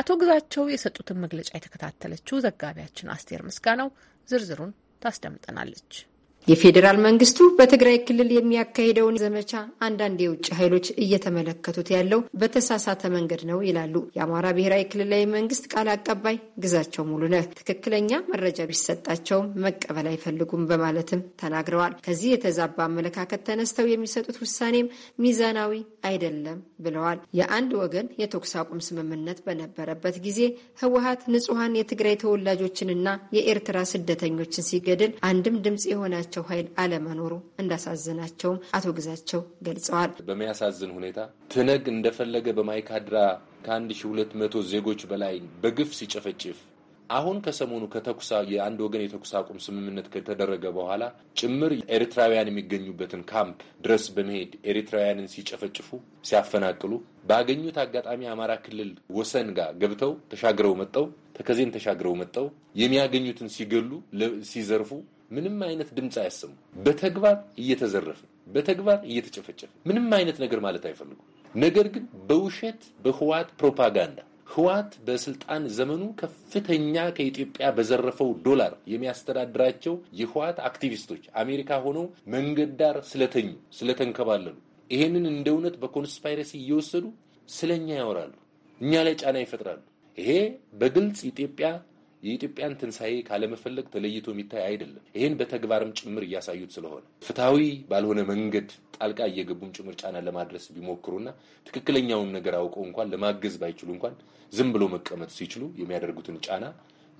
አቶ ግዛቸው የሰጡትን መግለጫ የተከታተለችው ዘጋቢያችን አስቴር ምስጋናው ዝርዝሩን ታስደምጠናለች። የፌዴራል መንግስቱ በትግራይ ክልል የሚያካሂደውን ዘመቻ አንዳንድ የውጭ ኃይሎች እየተመለከቱት ያለው በተሳሳተ መንገድ ነው ይላሉ የአማራ ብሔራዊ ክልላዊ መንግስት ቃል አቀባይ ግዛቸው ሙሉነህ። ትክክለኛ መረጃ ቢሰጣቸውም መቀበል አይፈልጉም በማለትም ተናግረዋል። ከዚህ የተዛባ አመለካከት ተነስተው የሚሰጡት ውሳኔም ሚዛናዊ አይደለም ብለዋል። የአንድ ወገን የተኩስ አቁም ስምምነት በነበረበት ጊዜ ህወሀት ንጹሐን የትግራይ ተወላጆችንና የኤርትራ ስደተኞችን ሲገድል አንድም ድምፅ የሆናቸው ያላቸው ኃይል አለመኖሩ እንዳሳዘናቸውም አቶ ግዛቸው ገልጸዋል። በሚያሳዝን ሁኔታ ትነግ እንደፈለገ በማይካድራ ከ1200 መቶ ዜጎች በላይ በግፍ ሲጨፈጭፍ አሁን ከሰሞኑ ከተኩሳ የአንድ ወገን የተኩስ አቁም ስምምነት ከተደረገ በኋላ ጭምር ኤርትራውያን የሚገኙበትን ካምፕ ድረስ በመሄድ ኤርትራውያንን ሲጨፈጭፉ፣ ሲያፈናቅሉ ባገኙት አጋጣሚ አማራ ክልል ወሰን ጋር ገብተው ተሻግረው መጠው ተከዜን ተሻግረው መጠው የሚያገኙትን ሲገሉ፣ ሲዘርፉ ምንም አይነት ድምፅ አያሰሙ። በተግባር እየተዘረፍን፣ በተግባር እየተጨፈጨፍን ምንም አይነት ነገር ማለት አይፈልጉ ነገር ግን በውሸት በህዋት ፕሮፓጋንዳ ህዋት በስልጣን ዘመኑ ከፍተኛ ከኢትዮጵያ በዘረፈው ዶላር የሚያስተዳድራቸው የህዋት አክቲቪስቶች አሜሪካ ሆነው መንገድ ዳር ስለተኙ ስለተንከባለሉ ይሄንን እንደ እውነት በኮንስፓይረሲ እየወሰዱ ስለኛ ያወራሉ። እኛ ላይ ጫና ይፈጥራሉ። ይሄ በግልጽ ኢትዮጵያ የኢትዮጵያን ትንሣኤ ካለመፈለግ ተለይቶ የሚታይ አይደለም። ይህን በተግባርም ጭምር እያሳዩት ስለሆነ ፍትሐዊ ባልሆነ መንገድ ጣልቃ እየገቡም ጭምር ጫና ለማድረስ ቢሞክሩና ትክክለኛውን ነገር አውቀው እንኳን ለማገዝ ባይችሉ እንኳን ዝም ብሎ መቀመጥ ሲችሉ የሚያደርጉትን ጫና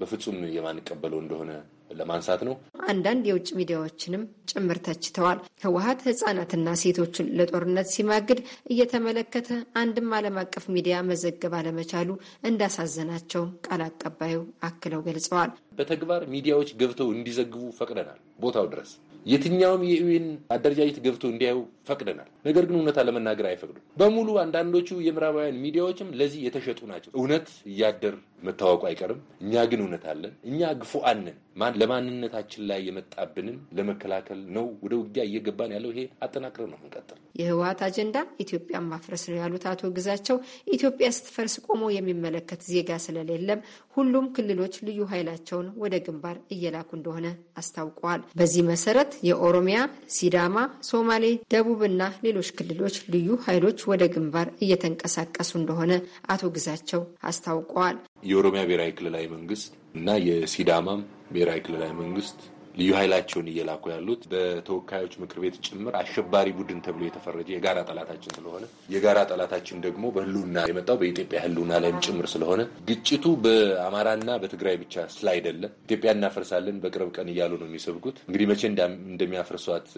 በፍጹም የማንቀበለው እንደሆነ ለማንሳት ነው። አንዳንድ የውጭ ሚዲያዎችንም ጭምር ተችተዋል። ህወሀት ህጻናትና ሴቶችን ለጦርነት ሲማግድ እየተመለከተ አንድም ዓለም አቀፍ ሚዲያ መዘገብ አለመቻሉ እንዳሳዘናቸው ቃል አቀባዩ አክለው ገልጸዋል። በተግባር ሚዲያዎች ገብተው እንዲዘግቡ ፈቅደናል። ቦታው ድረስ የትኛውም የዩኤን አደረጃጀት ገብቶ እንዲያዩ ፈቅደናል። ነገር ግን እውነታ ለመናገር አይፈቅዱም በሙሉ አንዳንዶቹ የምዕራባውያን ሚዲያዎችም ለዚህ የተሸጡ ናቸው። እውነት እያደር መታወቁ አይቀርም። እኛ ግን እውነት አለን። እኛ ግፉአን ነን። ለማንነታችን ላይ የመጣብንን ለመከላከል ነው ወደ ውጊያ እየገባን ያለው። ይሄ አጠናክረን ነው ምንቀጥል። የህወሀት አጀንዳ ኢትዮጵያን ማፍረስ ነው ያሉት አቶ ግዛቸው ኢትዮጵያ ስትፈርስ ቆሞ የሚመለከት ዜጋ ስለሌለም ሁሉም ክልሎች ልዩ ኃይላቸውን ወደ ግንባር እየላኩ እንደሆነ አስታውቀዋል። በዚህ መሰረት የኦሮሚያ፣ ሲዳማ፣ ሶማሌ፣ ደቡብ ደቡብና ሌሎች ክልሎች ልዩ ኃይሎች ወደ ግንባር እየተንቀሳቀሱ እንደሆነ አቶ ግዛቸው አስታውቀዋል። የኦሮሚያ ብሔራዊ ክልላዊ መንግስት እና የሲዳማም ብሔራዊ ክልላዊ መንግስት ልዩ ኃይላቸውን እየላኩ ያሉት በተወካዮች ምክር ቤት ጭምር አሸባሪ ቡድን ተብሎ የተፈረጀ የጋራ ጠላታችን ስለሆነ የጋራ ጠላታችን ደግሞ በህልውና የመጣው በኢትዮጵያ ህልውና ላይም ጭምር ስለሆነ ግጭቱ በአማራና በትግራይ ብቻ ስላይደለም ኢትዮጵያ እናፈርሳለን በቅርብ ቀን እያሉ ነው የሚሰብኩት። እንግዲህ መቼ እንደሚያፈርሷት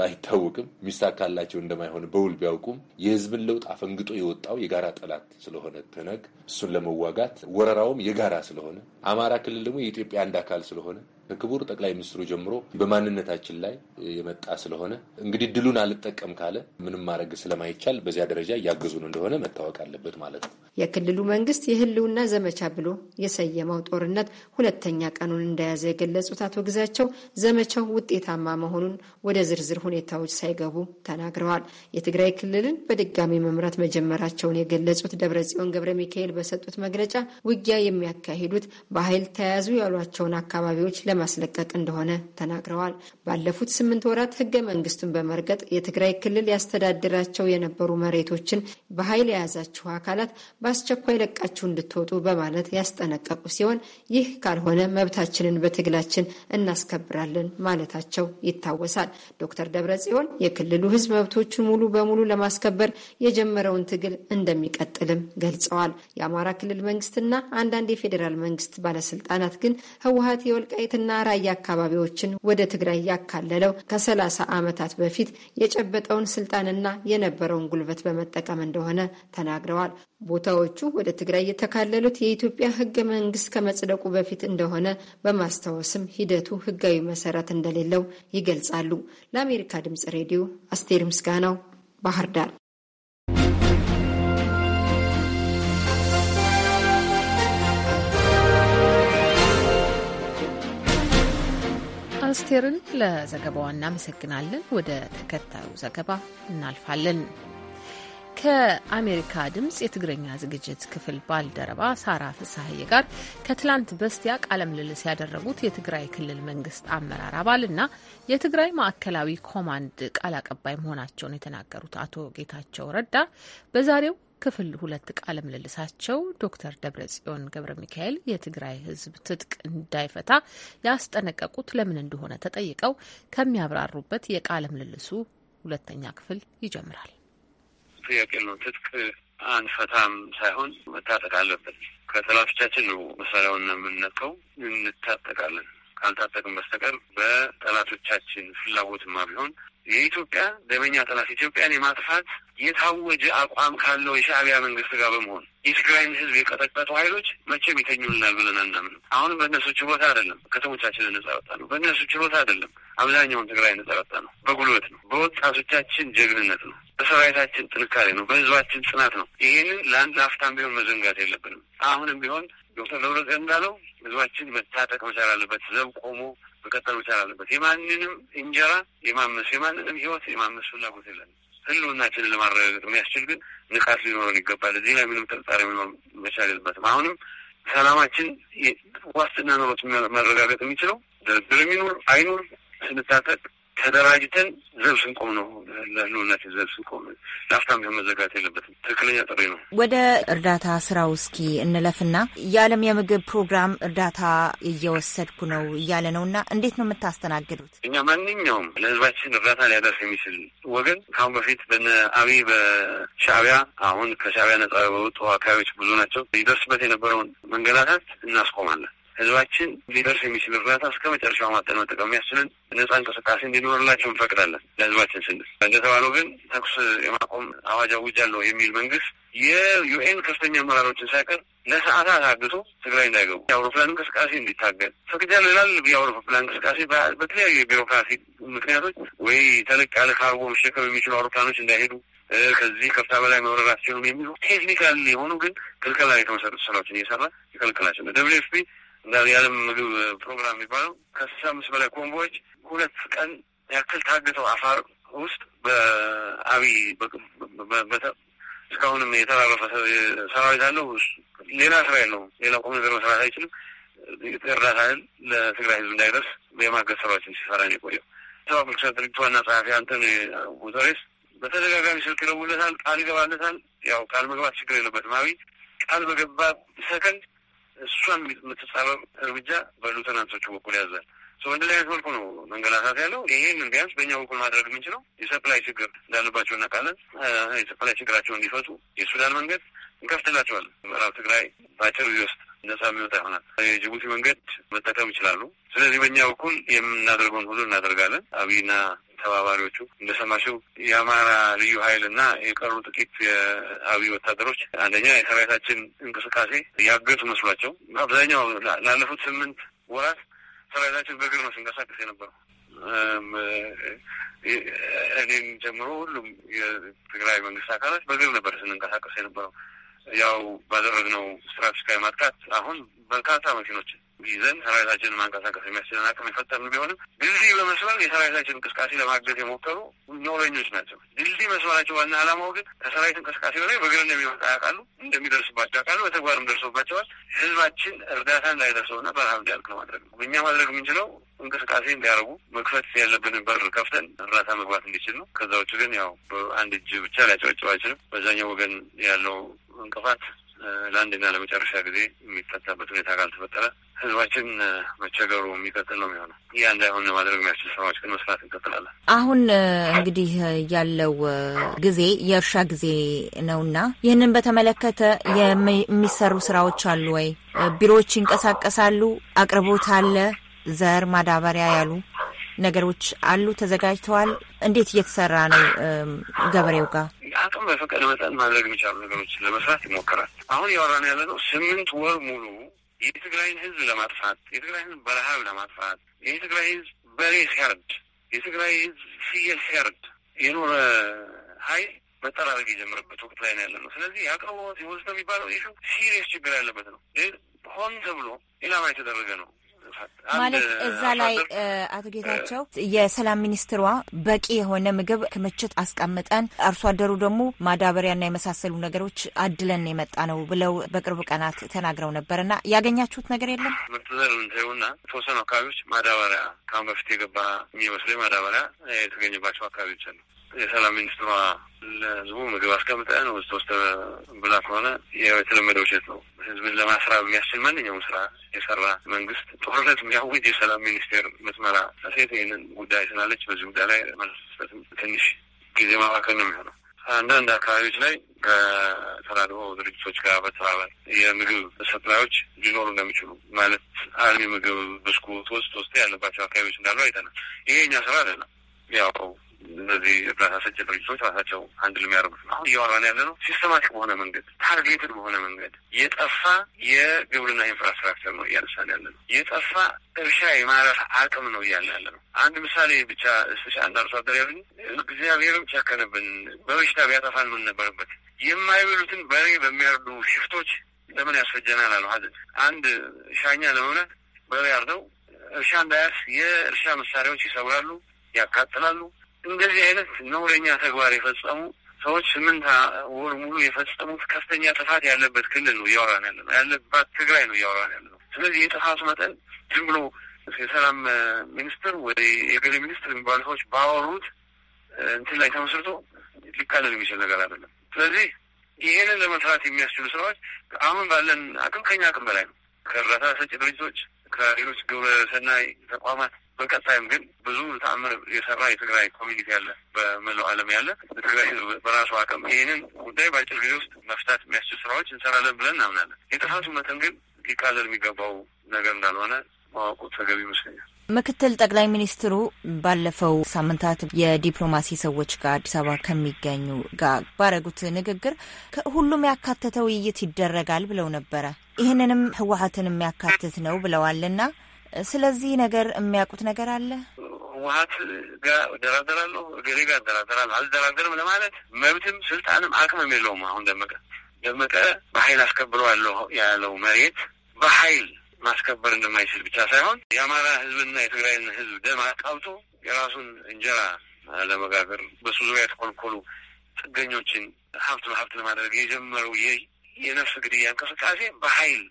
ባይታወቅም የሚሳካላቸው እንደማይሆን በውል ቢያውቁም የህዝብን ለውጥ አፈንግጦ የወጣው የጋራ ጠላት ስለሆነ ትነግ እሱን ለመዋጋት ወረራውም የጋራ ስለሆነ አማራ ክልል ደግሞ የኢትዮጵያ አንድ አካል ስለሆነ ከክቡር ጠቅላይ ሚኒስትሩ ጀምሮ በማንነታችን ላይ የመጣ ስለሆነ እንግዲህ ድሉን አልጠቀም ካለ ምንም ማድረግ ስለማይቻል በዚያ ደረጃ እያገዙን እንደሆነ መታወቅ አለበት ማለት ነው። የክልሉ መንግስት የህልውና ዘመቻ ብሎ የሰየመው ጦርነት ሁለተኛ ቀኑን እንደያዘ የገለጹት አቶ ግዛቸው ዘመቻው ውጤታማ መሆኑን ወደ ዝርዝር ሁኔታዎች ሳይገቡ ተናግረዋል። የትግራይ ክልልን በድጋሚ መምራት መጀመራቸውን የገለጹት ደብረጽዮን ገብረ ሚካኤል በሰጡት መግለጫ ውጊያ የሚያካሂዱት በኃይል ተያያዙ ያሏቸውን አካባቢዎች ለ ለማስለቀቅ እንደሆነ ተናግረዋል። ባለፉት ስምንት ወራት ህገ መንግስቱን በመርገጥ የትግራይ ክልል ያስተዳድራቸው የነበሩ መሬቶችን በኃይል የያዛችሁ አካላት በአስቸኳይ ለቃችሁ እንድትወጡ በማለት ያስጠነቀቁ ሲሆን ይህ ካልሆነ መብታችንን በትግላችን እናስከብራለን ማለታቸው ይታወሳል። ዶክተር ደብረ ጽዮን የክልሉ ህዝብ መብቶቹን ሙሉ በሙሉ ለማስከበር የጀመረውን ትግል እንደሚቀጥልም ገልጸዋል። የአማራ ክልል መንግስትና አንዳንድ የፌዴራል መንግስት ባለስልጣናት ግን ህወሀት የወልቃይትና እና ራያ አካባቢዎችን ወደ ትግራይ ያካለለው ከሰላሳ ዓመታት በፊት የጨበጠውን ስልጣንና የነበረውን ጉልበት በመጠቀም እንደሆነ ተናግረዋል። ቦታዎቹ ወደ ትግራይ የተካለሉት የኢትዮጵያ ህገ መንግስት ከመጽደቁ በፊት እንደሆነ በማስታወስም ሂደቱ ሕጋዊ መሰረት እንደሌለው ይገልጻሉ። ለአሜሪካ ድምጽ ሬዲዮ አስቴር ምስጋናው ባህር ዳር። አስቴርን ለዘገባዋ እናመሰግናለን። ወደ ተከታዩ ዘገባ እናልፋለን። ከአሜሪካ ድምፅ የትግረኛ ዝግጅት ክፍል ባልደረባ ሳራ ፍሳሀየ ጋር ከትላንት በስቲያ ቃለ ምልልስ ያደረጉት የትግራይ ክልል መንግስት አመራር አባልና የትግራይ ማዕከላዊ ኮማንድ ቃል አቀባይ መሆናቸውን የተናገሩት አቶ ጌታቸው ረዳ በዛሬው ክፍል ሁለት ቃለ ምልልሳቸው ዶክተር ደብረ ጽዮን ገብረ ሚካኤል የትግራይ ህዝብ ትጥቅ እንዳይፈታ ያስጠነቀቁት ለምን እንደሆነ ተጠይቀው ከሚያብራሩበት የቃለ ምልልሱ ሁለተኛ ክፍል ይጀምራል። ጥያቄ ነው። ትጥቅ አንፈታም ሳይሆን መታጠቅ አለበት። ከጠላቶቻችን ነው መሳሪያውን የምንነቀው። እንታጠቃለን። ካልታጠቅም በስተቀር በጠላቶቻችን ፍላጎትማ ቢሆን የኢትዮጵያ ዘበኛ ጠላት ኢትዮጵያን የማጥፋት የታወጀ አቋም ካለው የሻዕቢያ መንግስት ጋር በመሆን የትግራይን ህዝብ የቀጠቀጡ ኃይሎች መቼም ይተኙልናል ብለን አናምንም። አሁንም በእነሱ ችሎታ አይደለም ከተሞቻችንን ነጻ ወጣ ነው። በእነሱ ችሎታ አይደለም አብዛኛውን ትግራይ ነጻ ወጣ ነው። በጉልበት ነው። በወጣቶቻችን ጀግንነት ነው። በሰራዊታችን ጥንካሬ ነው። በህዝባችን ጽናት ነው። ይሄንን ለአንድ አፍታም ቢሆን መዘንጋት የለብንም። አሁንም ቢሆን ዶክተር ደብረጽዮን እንዳለው ህዝባችን መታጠቅ መቻል አለበት፣ ዘብ ቆሞ መቀጠል መቻል አለበት። የማንንም እንጀራ የማመስ የማንንም ህይወት የማመስ ፍላጎት የለን። ህልውናችንን ለማረጋገጥ የሚያስችል ግን ንቃት ሊኖረን ይገባል። እዚህ ላይ ምንም ጥርጣሬ መኖር መቻል የለበትም። አሁንም ሰላማችን ዋስትና ኖሮት መረጋገጥ የሚችለው ድርድር የሚኖር አይኖር ስንታጠቅ ተደራጅተን ዘብስ እንቆም ነው። ለህልውነት ዘብስ እንቆም ለአፍታም ቢሆን መዘጋት የለበትም። ትክክለኛ ጥሪ ነው። ወደ እርዳታ ስራው እስኪ እንለፍና የዓለም የምግብ ፕሮግራም እርዳታ እየወሰድኩ ነው እያለ ነው እና እንዴት ነው የምታስተናግዱት? እኛ ማንኛውም ለህዝባችን እርዳታ ሊያደርስ የሚችል ወገን ከአሁን በፊት በነ አብይ በሻዕቢያ አሁን ከሻዕቢያ ነጻ በወጡ አካባቢዎች ብዙ ናቸው። ይደርስበት የነበረውን መንገላታት እናስቆማለን። ህዝባችን ሊደርስ የሚችል እርዳታ እስከ መጨረሻው ማጠን መጠቀም የሚያስችልን ነጻ እንቅስቃሴ እንዲኖርላቸው እንፈቅዳለን። ለህዝባችን ስንል እንደተባለው ግን ተኩስ የማቆም አዋጅ አውጃለሁ የሚል መንግስት የዩኤን ከፍተኛ አመራሮችን ሳይቀር ለሰዓታት አግቶ ትግራይ እንዳይገቡ የአውሮፕላን እንቅስቃሴ እንዲታገል ፈቅጃለሁ ይላል። የአውሮፕላን እንቅስቃሴ በተለያዩ የቢሮክራሲ ምክንያቶች ወይ ተለቅ ያለ ካርጎ መሸከም የሚችሉ አውሮፕላኖች እንዳይሄዱ ከዚህ ከፍታ በላይ መብረር አትችሉም የሚሉ ቴክኒካል የሆኑ ግን ክልከላ የተመሰረቱ ስራዎችን እየሰራ ይከልክላቸው ነው ደብሊው ኤፍ ፒ የዓለም ምግብ ፕሮግራም የሚባለው ከስልሳ አምስት በላይ ኮንቮዮች ሁለት ቀን ያክል ታግተው አፋር ውስጥ በአብይ እስካሁንም የተራረፈ ሰራዊት አለው። ሌላ ስራ የለውም። ሌላ ቁም ነገር መስራት አይችልም። እርዳታ ለትግራይ ህዝብ እንዳይደርስ የማገዝ ስራዎችን ሲሰራ የቆየው። ሰባ ፐርሰንት ድርጅት ዋና ጸሐፊ አንቶኒዮ ጉተሬስ በተደጋጋሚ ስልክ ይደውልለታል፣ ቃል ይገባለታል። ያው ቃል መግባት ችግር የለበትም። አብይ ቃል በገባ ሰከንድ እሷን የምትጻረር እርምጃ በሉተናንቶቹ በኩል ያዛል። በእንደዚህ አይነት መልኩ ነው መንገላታት ያለው። ይሄንን ቢያንስ በእኛ በኩል ማድረግ የምንችለው የሰፕላይ ችግር እንዳለባቸው እናውቃለን። የሰፕላይ ችግራቸውን እንዲፈቱ የሱዳን መንገድ እንከፍትላቸዋል። ምዕራብ ትግራይ በአጭር ጊዜ ውስጥ ነጻ የሚወጣ ይሆናል። የጅቡቲ መንገድ መጠቀም ይችላሉ። ስለዚህ በእኛ በኩል የምናደርገውን ሁሉ እናደርጋለን። አብይና ተባባሪዎቹ እንደሰማሽው የአማራ ልዩ ኃይልና የቀሩ ጥቂት የአብይ ወታደሮች አንደኛ የሰራዊታችን እንቅስቃሴ ያገቱ መስሏቸው አብዛኛው ላለፉት ስምንት ወራት ሰራዊታችን በእግር ነው ሲንቀሳቀስ የነበረው። እኔም ጀምሮ ሁሉም የትግራይ መንግስት አካላት በእግር ነበር ስንንቀሳቀስ የነበረው። ያው ባደረግነው ስራ እስካይ ማጥቃት አሁን በርካታ መኪኖችን ይዘን ሰራዊታችን ማንቀሳቀስ የሚያስችለን አቅም የፈጠርን ቢሆንም ድልድይ በመስበር የሰራዊታችን እንቅስቃሴ ለማገዝ የሞከሩ ኖረኞች ናቸው። ድልድይ መስበራቸው ዋና ዓላማው ግን ከሰራዊት እንቅስቃሴ በላይ በእግር እንደሚመጣ ያውቃሉ፣ እንደሚደርስባቸው ያውቃሉ፣ በተግባርም ደርሶባቸዋል። ህዝባችን እርዳታ እንዳይደርሰውና በረሃብ እንዲያልቅ ነው ማድረግ ነው እኛ ማድረግ የምንችለው እንቅስቃሴ እንዲያደርጉ መክፈት ያለብንን በር ከፍተን እርዳታ መግባት እንዲችል ነው። ከዛ ውጭ ግን ያው በአንድ እጅ ብቻ ሊያጨበጭብ አይችልም። በዛኛው ወገን ያለው እንቅፋት ለአንድና ለመጨረሻ ጊዜ የሚፈታበት ሁኔታ ካልተፈጠረ ህዝባችን መቸገሩ የሚቀጥል ነው የሚሆነው። ይህ እንዳይሆን ማድረግ የሚያስችል ስራዎች ግን መስራት እንቀጥላለን። አሁን እንግዲህ ያለው ጊዜ የእርሻ ጊዜ ነውና ይህንን በተመለከተ የሚሰሩ ስራዎች አሉ ወይ? ቢሮዎች ይንቀሳቀሳሉ? አቅርቦት አለ? ዘር፣ ማዳበሪያ ያሉ ነገሮች አሉ ተዘጋጅተዋል። እንዴት እየተሰራ ነው? ገበሬው ጋር አቅም በፈቀደ መጠን ማድረግ የሚቻሉ ነገሮች ለመስራት ይሞከራል። አሁን ያወራን ያለ ነው ስምንት ወር ሙሉ የትግራይን ህዝብ ለማጥፋት የትግራይን ህዝብ በረሃብ ለማጥፋት የትግራይ ህዝብ በሬ ሲያርድ የትግራይ ህዝብ ፍየል ሲያርድ የኖረ ሀይል መጠራረግ የጀመረበት ወቅት ላይ ነው ያለ ነው። ስለዚህ የአቅርቦት የወዝተ የሚባለው ሲሪየስ ችግር ያለበት ነው። ሆን ተብሎ ኢላማ የተደረገ ነው። ማለት እዛ ላይ አቶ ጌታቸው የሰላም ሚኒስትሯ በቂ የሆነ ምግብ ክምችት አስቀምጠን አርሶ አደሩ ደግሞ ማዳበሪያና የመሳሰሉ ነገሮች አድለን የመጣ ነው ብለው በቅርብ ቀናት ተናግረው ነበር እና ያገኛችሁት ነገር የለም። ምርጥ ዘር ምንታዩና ተወሰኑ አካባቢዎች ማዳበሪያ ከአሁን በፊት የገባ የሚመስለኝ ማዳበሪያ የተገኘባቸው አካባቢዎች አሉ የሰላም ሚኒስትሯ ለህዝቡ ምግብ አስቀምጠን ውስጥ ውስጥ ብላ ከሆነ ያው የተለመደ ውሸት ነው። ህዝብን ለማስራብ የሚያስችል ማንኛውም ስራ የሰራ መንግስት ጦርነት የሚያውጅ የሰላም ሚኒስቴር ምትመራ ሴት ይህንን ጉዳይ ስላለች በዚህ ጉዳይ ላይ መለስበትም ትንሽ ጊዜ ማባከል ነው የሚሆነው። አንዳንድ አካባቢዎች ላይ ከተራድኦ ድርጅቶች ጋር በተባበር የምግብ ሰፕላዮች ሊኖሩ እንደሚችሉ ማለት አልሚ ምግብ ብስኩት ውስጥ ውስጥ ያለባቸው አካባቢዎች እንዳሉ አይተናል። ይሄ እኛ ስራ አለና ያው እነዚህ እርዳታ ሰጭ ድርጅቶች ራሳቸው አንድ የሚያደርጉት ነው። አሁን እያወራን ያለ ነው ሲስተማቲክ በሆነ መንገድ ታርጌትድ በሆነ መንገድ የጠፋ የግብርና ኢንፍራስትራክቸር ነው እያነሳን ያለ ነው። የጠፋ እርሻ የማረፍ አቅም ነው እያለ ያለ ነው። አንድ ምሳሌ ብቻ ስሻ አንድ አርሶ አደር ያሉኝ እግዚአብሔርም ጨከነብን በበሽታ ቢያጠፋን ምን ነበረበት የማይበሉትን በሬ በሚያርዱ ሽፍቶች ለምን ያስፈጀናል አለ ሀዘን አንድ ሻኛ ለመብላት በሬ አርደው እርሻ እንዳያርስ የእርሻ መሳሪያዎች ይሰብራሉ፣ ያቃጥላሉ እንደዚህ አይነት ነውረኛ ተግባር የፈጸሙ ሰዎች ስምንት ወር ሙሉ የፈጸሙት ከፍተኛ ጥፋት ያለበት ክልል ነው እያወራን ያለ ነው ያለባት ትግራይ ነው እያወራን ያለ ነው። ስለዚህ የጥፋቱ መጠን ዝም ብሎ የሰላም ሚኒስትር ወይ የገሌ ሚኒስትር የሚባሉ ሰዎች ባወሩት እንትን ላይ ተመስርቶ ሊካለል የሚችል ነገር አይደለም። ስለዚህ ይሄንን ለመስራት የሚያስችሉ ስራዎች አሁን ባለን አቅም ከኛ አቅም በላይ ነው። ከእርዳታ ሰጪ ድርጅቶች፣ ከሌሎች ግብረ ሰናይ ተቋማት በቀጣይም ግን ብዙ ተአምር የሰራ የትግራይ ኮሚኒቲ አለ፣ በመላው ዓለም ያለ ትግራይ በራሱ አቅም ይህንን ጉዳይ በአጭር ጊዜ ውስጥ መፍታት የሚያስችል ስራዎች እንሰራለን ብለን እናምናለን። የጥፋቱ መጠን ግን ሊካዘል የሚገባው ነገር እንዳልሆነ ማወቁ ተገቢ ይመስለኛል። ምክትል ጠቅላይ ሚኒስትሩ ባለፈው ሳምንታት የዲፕሎማሲ ሰዎች ጋር አዲስ አበባ ከሚገኙ ጋር ባረጉት ንግግር ሁሉም ያካተተ ውይይት ይደረጋል ብለው ነበረ። ይህንንም ህወሀትን የሚያካትት ነው ብለዋልና ስለዚህ ነገር የሚያውቁት ነገር አለ። ህወሀት ጋር እደራደራለሁ፣ እገሌ ጋር እደራደራለሁ። አልደራደርም ለማለት መብትም ስልጣንም አቅምም የለውም። አሁን ደመቀ ደመቀ አስከብሮ አስከብረዋለሁ ያለው መሬት በኃይል ማስከበር እንደማይችል ብቻ ሳይሆን የአማራ ህዝብና የትግራይን ህዝብ ደም አቃብቶ የራሱን እንጀራ ለመጋገር በሱ ዙሪያ የተኮልኮሉ ጥገኞችን ሀብት በሀብት ለማድረግ የጀመረው የነፍስ ግድያ እንቅስቃሴ በሀይል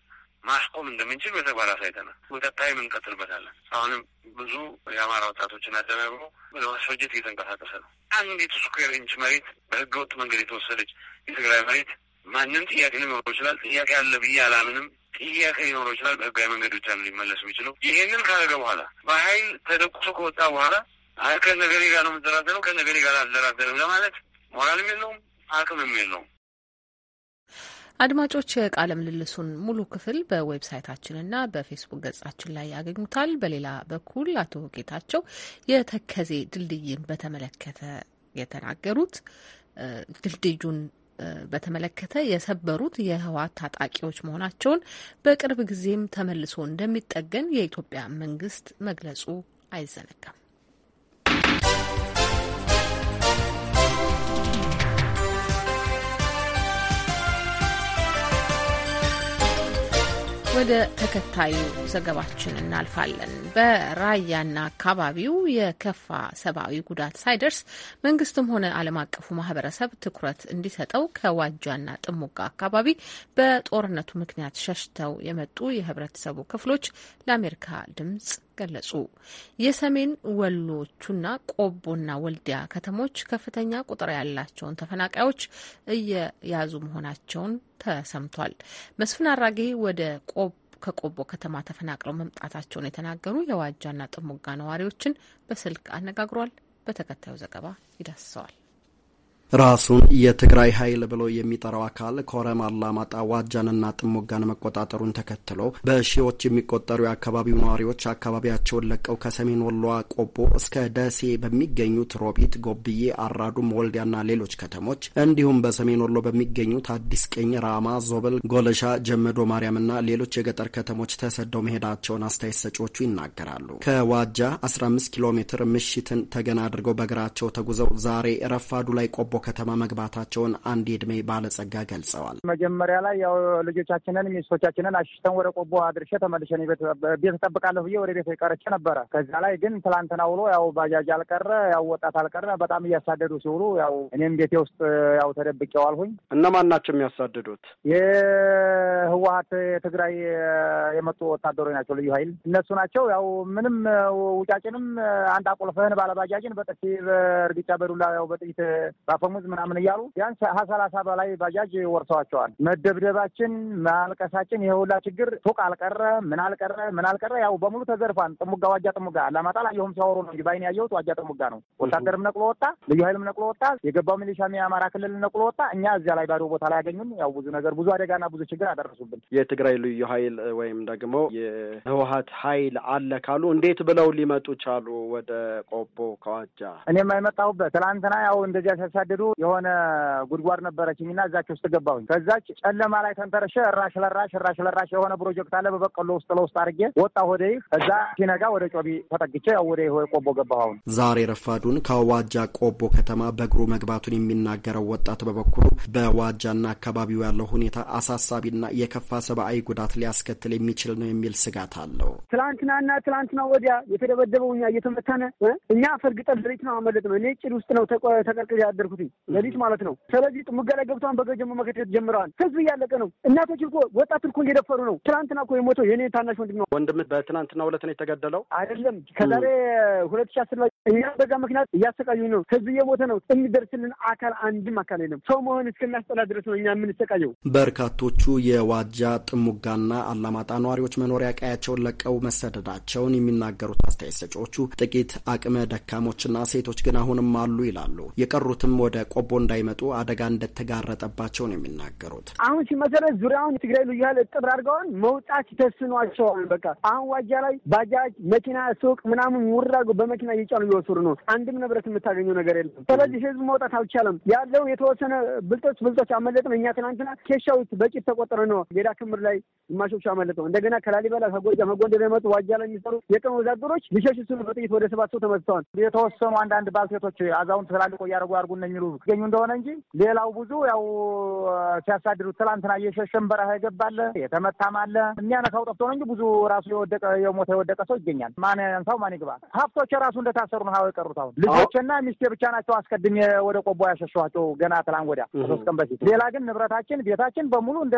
ማስቆም እንደምንችል በተግባር አሳይተናል። በቀጣይም እንቀጥልበታለን። አሁንም ብዙ የአማራ ወጣቶችን አደባብሮ ለማስፈጀት እየተንቀሳቀሰ ነው። አንዲት ስኩዌር ኢንች መሬት በህገ ወጥ መንገድ የተወሰደች የትግራይ መሬት ማንም ጥያቄ ሊኖረው ይችላል። ጥያቄ አለ ብዬ አላምንም። ጥያቄ ሊኖረው ይችላል። በህጋዊ መንገድ ብቻ ነው ሊመለስ የሚችለው። ይህንን ካደረገ በኋላ በሀይል ተደቁሶ ከወጣ በኋላ ከነገሬ ጋር ነው የምደራደረው ከነገሬ ጋር አልደራደርም ለማለት ሞራልም የለውም አቅምም የለውም። አድማጮች የቃለ ምልልሱን ሙሉ ክፍል በዌብሳይታችንና በፌስቡክ ገጻችን ላይ ያገኙታል። በሌላ በኩል አቶ ጌታቸው የተከዜ ድልድይን በተመለከተ የተናገሩት ድልድዩን በተመለከተ የሰበሩት የህወሓት ታጣቂዎች መሆናቸውን በቅርብ ጊዜም ተመልሶ እንደሚጠገን የኢትዮጵያ መንግስት መግለጹ አይዘነጋም። ወደ ተከታዩ ዘገባችን እናልፋለን። በራያና አካባቢው የከፋ ሰብአዊ ጉዳት ሳይደርስ መንግስትም ሆነ ዓለም አቀፉ ማህበረሰብ ትኩረት እንዲሰጠው ከዋጃና ጥሙጋ አካባቢ በጦርነቱ ምክንያት ሸሽተው የመጡ የህብረተሰቡ ክፍሎች ለአሜሪካ ድምጽ ገለጹ። የሰሜን ወሎቹና ቆቦና ወልዲያ ከተሞች ከፍተኛ ቁጥር ያላቸውን ተፈናቃዮች እየያዙ መሆናቸውን ተሰምቷል። መስፍን አራጌ ወደ ቆቦ ከቆቦ ከተማ ተፈናቅለው መምጣታቸውን የተናገሩ የዋጃና ጥሙጋ ነዋሪዎችን በስልክ አነጋግሯል። በተከታዩ ዘገባ ይዳስሰዋል። ራሱን የትግራይ ኃይል ብሎ የሚጠራው አካል ኮረም፣ አላማጣ፣ ዋጃንና ጥሞጋን መቆጣጠሩን ተከትሎ በሺዎች የሚቆጠሩ የአካባቢው ነዋሪዎች አካባቢያቸውን ለቀው ከሰሜን ወሎ ቆቦ እስከ ደሴ በሚገኙት ሮቢት፣ ጎብዬ፣ አራዱም፣ ወልዲያና ሌሎች ከተሞች እንዲሁም በሰሜን ወሎ በሚገኙት አዲስ ቀኝ ራማ፣ ዞብል፣ ጎለሻ፣ ጀመዶ ማርያምና ሌሎች የገጠር ከተሞች ተሰደው መሄዳቸውን አስተያየት ሰጪዎቹ ይናገራሉ። ከዋጃ 15 ኪሎ ሜትር ምሽትን ተገና አድርገው በእግራቸው ተጉዘው ዛሬ ረፋዱ ላይ ቆቦ ከተማ መግባታቸውን አንድ የዕድሜ ባለጸጋ ገልጸዋል። መጀመሪያ ላይ ያው ልጆቻችንን ሚስቶቻችንን አሽተን ወደ ቆቦ አድርሼ ተመልሸን ቤት እጠብቃለሁ ብዬ ወደ ቤት ቀርቼ ነበረ። ከዛ ላይ ግን ትላንትና ውሎ ያው ባጃጅ አልቀረ ያው ወጣት አልቀረ በጣም እያሳደዱ ሲውሉ ያው እኔም ቤቴ ውስጥ ያው ተደብቄ ዋልሁኝ። እነማን ናቸው የሚያሳድዱት? የህወሀት የትግራይ የመጡ ወታደሮች ናቸው፣ ልዩ ኃይል እነሱ ናቸው። ያው ምንም ውጫጭንም አንድ አቆልፈህን ባለባጃጅን በጥፊ በእርግጫ በዱላ ያው በጥይት ባፈ ተሙዝ ምናምን እያሉ ቢያንስ ሀያ ሰላሳ በላይ ባጃጅ ወርተዋቸዋል። መደብደባችን፣ ማልቀሳችን የሁላ ችግር ሱቅ አልቀረ ምን አልቀረ ምን አልቀረ ያው በሙሉ ተዘርፏን። ጥሙጋ ዋጃ ጥሙጋ አላማጣ ላየሁም ሲያወሩ ነው እንጂ ባይን ያየሁት ዋጃ ጥሙጋ ነው። ወታደርም ነቅሎ ወጣ፣ ልዩ ኃይልም ነቅሎ ወጣ፣ የገባው ሚሊሻ የአማራ ክልል ነቅሎ ወጣ። እኛ እዚያ ላይ ባዶ ቦታ ላይ ያገኙን ያው ብዙ ነገር ብዙ አደጋና ብዙ ችግር አደረሱብን። የትግራይ ልዩ ኃይል ወይም ደግሞ የህወሀት ኃይል አለ ካሉ እንዴት ብለው ሊመጡ ቻሉ ወደ ቆቦ ከዋጃ? እኔም አይመጣሁበት ትላንትና ያው እንደዚያ ሲያሳደ ሄዱ የሆነ ጉድጓድ ነበረችኝና እዛች ውስጥ ገባሁኝ። ከዛች ጨለማ ላይ ተንተረሸ እራሽ ለራሽ እራሽ ለራሽ የሆነ ፕሮጀክት አለ በበቀሎ ውስጥ ለውስጥ አድርጌ ወጣ ወደ ይህ ከዛ ሲነጋ ወደ ጮቢ ተጠግቼ ያው ወደ ይህ ቆቦ ገባሁ። አሁን ዛሬ ረፋዱን ከዋጃ ቆቦ ከተማ በእግሩ መግባቱን የሚናገረው ወጣት በበኩሉ በዋጃና አካባቢው ያለው ሁኔታ አሳሳቢና የከፋ ሰብአዊ ጉዳት ሊያስከትል የሚችል ነው የሚል ስጋት አለው። ትላንትናና ትላንትና ወዲያ የተደበደበው እኛ እየተመታነ እኛ ፈርግጠል ድሬት ነው አመለጥ ነው። እኔ ጭድ ውስጥ ነው ተቀርቅ ያደርኩት። ሌሊት ማለት ነው። ስለዚህ ጥሙጋ ላይ ገብተዋን በገጀሞ መከተት ጀምረዋል። ህዝብ እያለቀ ነው። እናቶች እኮ ወጣት እኮ እየደፈሩ ነው። ትናንትና እኮ የሞተው የኔ ታናሽ ወንድም ነው። ወንድም በትናንትና ሁለት ነው የተገደለው አይደለም፣ ከዛሬ ሁለት ሺ አስር ላይ እኛ በዛ ምክንያት እያሰቃዩ ነው። ህዝብ እየሞተ ነው። የሚደርስልን አካል አንድም አካል የለም። ሰው መሆን እስከሚያስጠላ ድረስ ነው እኛ የምንሰቃየው። በርካቶቹ የዋጃ ጥሙጋና አላማጣ ነዋሪዎች መኖሪያ ቀያቸውን ለቀው መሰደዳቸውን የሚናገሩት አስተያየት ሰጪዎቹ ጥቂት አቅመ ደካሞችና ሴቶች ግን አሁንም አሉ ይላሉ። የቀሩትም ወደ ወደ ቆቦ እንዳይመጡ አደጋ እንደተጋረጠባቸው ነው የሚናገሩት። አሁን ሲመሰረት ዙሪያውን ትግራይ ልዩ ኃይል እጥር አድርገውን መውጣት ተስኗቸዋል። በቃ አሁን ዋጃ ላይ ባጃጅ፣ መኪና፣ ሱቅ ምናምን ውር በመኪና እየጫኑ እየወሰዱ ነው። አንድም ንብረት የምታገኘው ነገር የለም። ስለዚህ ህዝብ መውጣት አልቻለም። ያለው የተወሰነ ብልጦች ብልጦች አመለጥን። እኛ ትናንትና ኬሻዎች በቂት ተቆጠረ ነው ሌላ ክምር ላይ ግማሾቹ አመለጠው። እንደገና ከላሊበላ ከጎጃ መጎንደር የመጡ ዋጃ ላይ የሚሰሩ የቀን ወዛደሮች ሊሸሽ ሲሉ በጥይት ወደ ሰባት ሰው ተመትተዋል። የተወሰኑ አንዳንድ ባልሴቶች አዛውንት ተላልቆ እያደረጉ አድርጉ የሚሉ ይገኙ እንደሆነ እንጂ ሌላው ብዙ ያው ሲያሳድሩት ትላንትና እየሸሸን በረሃ ይገባለ የተመታም አለ። የሚያነሳው ጠፍቶ ነው እንጂ ብዙ ራሱ የወደቀ የሞተ የወደቀ ሰው ይገኛል። ማን ያንሳው ማን ይግባ። ሀብቶች ራሱ እንደታሰሩ ነው ሀው የቀሩት። አሁን ልጆችና ሚስቴ ብቻ ናቸው አስቀድሜ ወደ ቆቦ ያሸሸኋቸው ገና ትላንት ወዲያ ከሶስት ቀን በፊት። ሌላ ግን ንብረታችን ቤታችን በሙሉ እንደ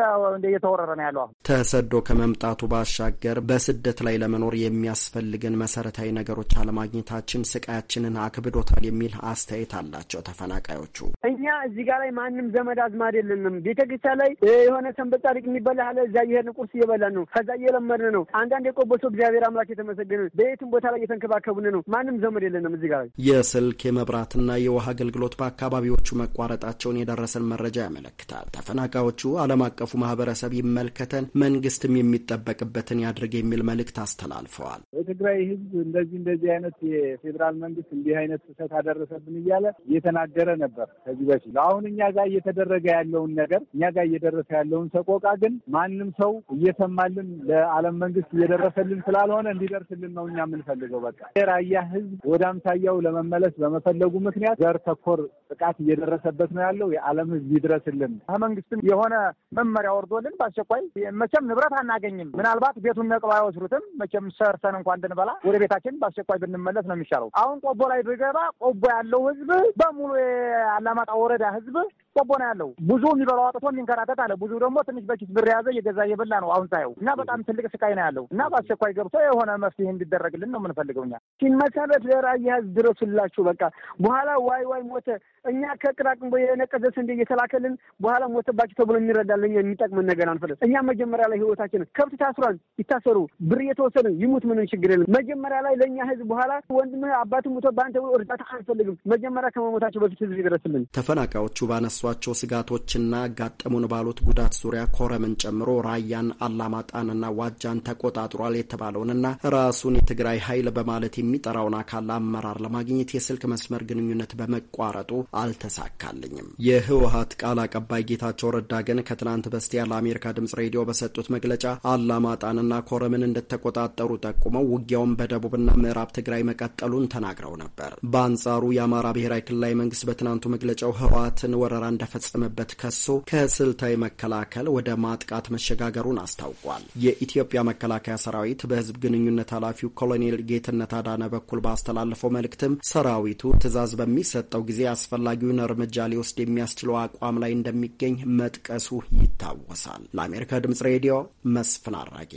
እየተወረረ ነው ያለው። አሁን ተሰዶ ከመምጣቱ ባሻገር በስደት ላይ ለመኖር የሚያስፈልግን መሰረታዊ ነገሮች አለማግኘታችን ስቃያችንን አክብዶታል የሚል አስተያየት አላቸው ተፈናቃ ተፈናቃዮቹ። እኛ እዚህ ጋር ላይ ማንም ዘመድ አዝማድ የለንም። ቤተ ክርስቲያን ላይ የሆነ ሰንበት ጻድቅ የሚበላ አለ። እዛ እየሄድን ቁርስ እየበላን ነው። ከዛ እየለመድን ነው። አንዳንድ የቆበሶ እግዚአብሔር አምላክ የተመሰገነ በየትም ቦታ ላይ እየተንከባከቡን ነው። ማንም ዘመድ የለንም እዚህ ጋር ላይ። የስልክ የመብራትና የውሃ አገልግሎት በአካባቢዎቹ መቋረጣቸውን የደረሰን መረጃ ያመለክታል። ተፈናቃዮቹ ዓለም አቀፉ ማህበረሰብ ይመልከተን፣ መንግስትም የሚጠበቅበትን ያድርግ የሚል መልእክት አስተላልፈዋል። የትግራይ ህዝብ እንደዚህ እንደዚህ አይነት የፌዴራል መንግስት እንዲህ አይነት ስህተት አደረሰብን እያለ እየተናገረ ነበር ከዚህ በፊት። አሁን እኛ ጋር እየተደረገ ያለውን ነገር እኛ ጋር እየደረሰ ያለውን ሰቆቃ ግን ማንም ሰው እየሰማልን ለዓለም መንግስት እየደረሰልን ስላልሆነ እንዲደርስልን ነው እኛ የምንፈልገው። በቃ የራያ ህዝብ ወደ አምሳያው ለመመለስ በመፈለጉ ምክንያት ዘር ተኮር ጥቃት እየደረሰበት ነው ያለው። የዓለም ህዝብ ይድረስልን። ከመንግስትም የሆነ መመሪያ ወርዶልን በአስቸኳይ መቼም ንብረት አናገኝም። ምናልባት ቤቱን ነቅሎ አይወስዱትም። መቼም ሰርተን እንኳን እንድንበላ ወደ ቤታችን በአስቸኳይ ብንመለስ ነው የሚሻለው። አሁን ቆቦ ላይ ብገባ ቆቦ ያለው ህዝብ በሙሉ የአላማጣ ወረዳ ህዝብ ቆቦ ነው ያለው። ብዙ የሚበላው አጥቶ የሚንከራተት አለ። ብዙ ደግሞ ትንሽ በኪስ ብር የያዘ እየገዛ እየበላ ነው አሁን ሳየው እና በጣም ትልቅ ስቃይ ነው ያለው እና በአስቸኳይ ገብቶ የሆነ መፍትሄ እንዲደረግልን ነው የምንፈልገው። እኛ ሲመሰረት ለራያ ህዝብ ድረሱላችሁ በቃ በኋላ ዋይ ዋይ ሞተ እኛ ከቅራቅንቦ የነቀዘ ስንዴ እየተላከልን በኋላ ሞተባችሁ ተብሎ የሚረዳለን የሚጠቅመን ነገር አንፈልግ። እኛ መጀመሪያ ላይ ህይወታችን ከብት ታስሯን ይታሰሩ ብር እየተወሰድን ይሙት ምንም ችግር የለም። መጀመሪያ ላይ ለእኛ ህዝብ በኋላ ወንድምህ አባትም ሙቶ በአንተ እርዳታ አንፈልግም። መጀመሪያ ከመሞታቸው በፊት ህዝብ ይደረስልን። ተፈናቃዮቹ ባነሷ ባሏቸው ስጋቶችና አጋጠሙን ባሉት ጉዳት ዙሪያ ኮረምን ጨምሮ ራያን፣ አላማጣንና ዋጃን ተቆጣጥሯል የተባለውንና ራሱን የትግራይ ኃይል በማለት የሚጠራውን አካል አመራር ለማግኘት የስልክ መስመር ግንኙነት በመቋረጡ አልተሳካልኝም። የህወሀት ቃል አቀባይ ጌታቸው ረዳ ግን ከትናንት በስቲያ ለአሜሪካ ድምጽ ሬዲዮ በሰጡት መግለጫ አላማጣንና ኮረምን እንደተቆጣጠሩ ጠቁመው ውጊያውን በደቡብና ምዕራብ ትግራይ መቀጠሉን ተናግረው ነበር። በአንጻሩ የአማራ ብሔራዊ ክልላዊ መንግስት በትናንቱ መግለጫው ህወሀትን ወረራ እንደፈጸመበት ከሶ ከስልታዊ መከላከል ወደ ማጥቃት መሸጋገሩን አስታውቋል። የኢትዮጵያ መከላከያ ሰራዊት በህዝብ ግንኙነት ኃላፊው ኮሎኔል ጌትነት አዳነ በኩል ባስተላለፈው መልእክትም ሰራዊቱ ትዕዛዝ በሚሰጠው ጊዜ አስፈላጊውን እርምጃ ሊወስድ የሚያስችለው አቋም ላይ እንደሚገኝ መጥቀሱ ይታወሳል። ለአሜሪካ ድምጽ ሬዲዮ መስፍን አራጌ።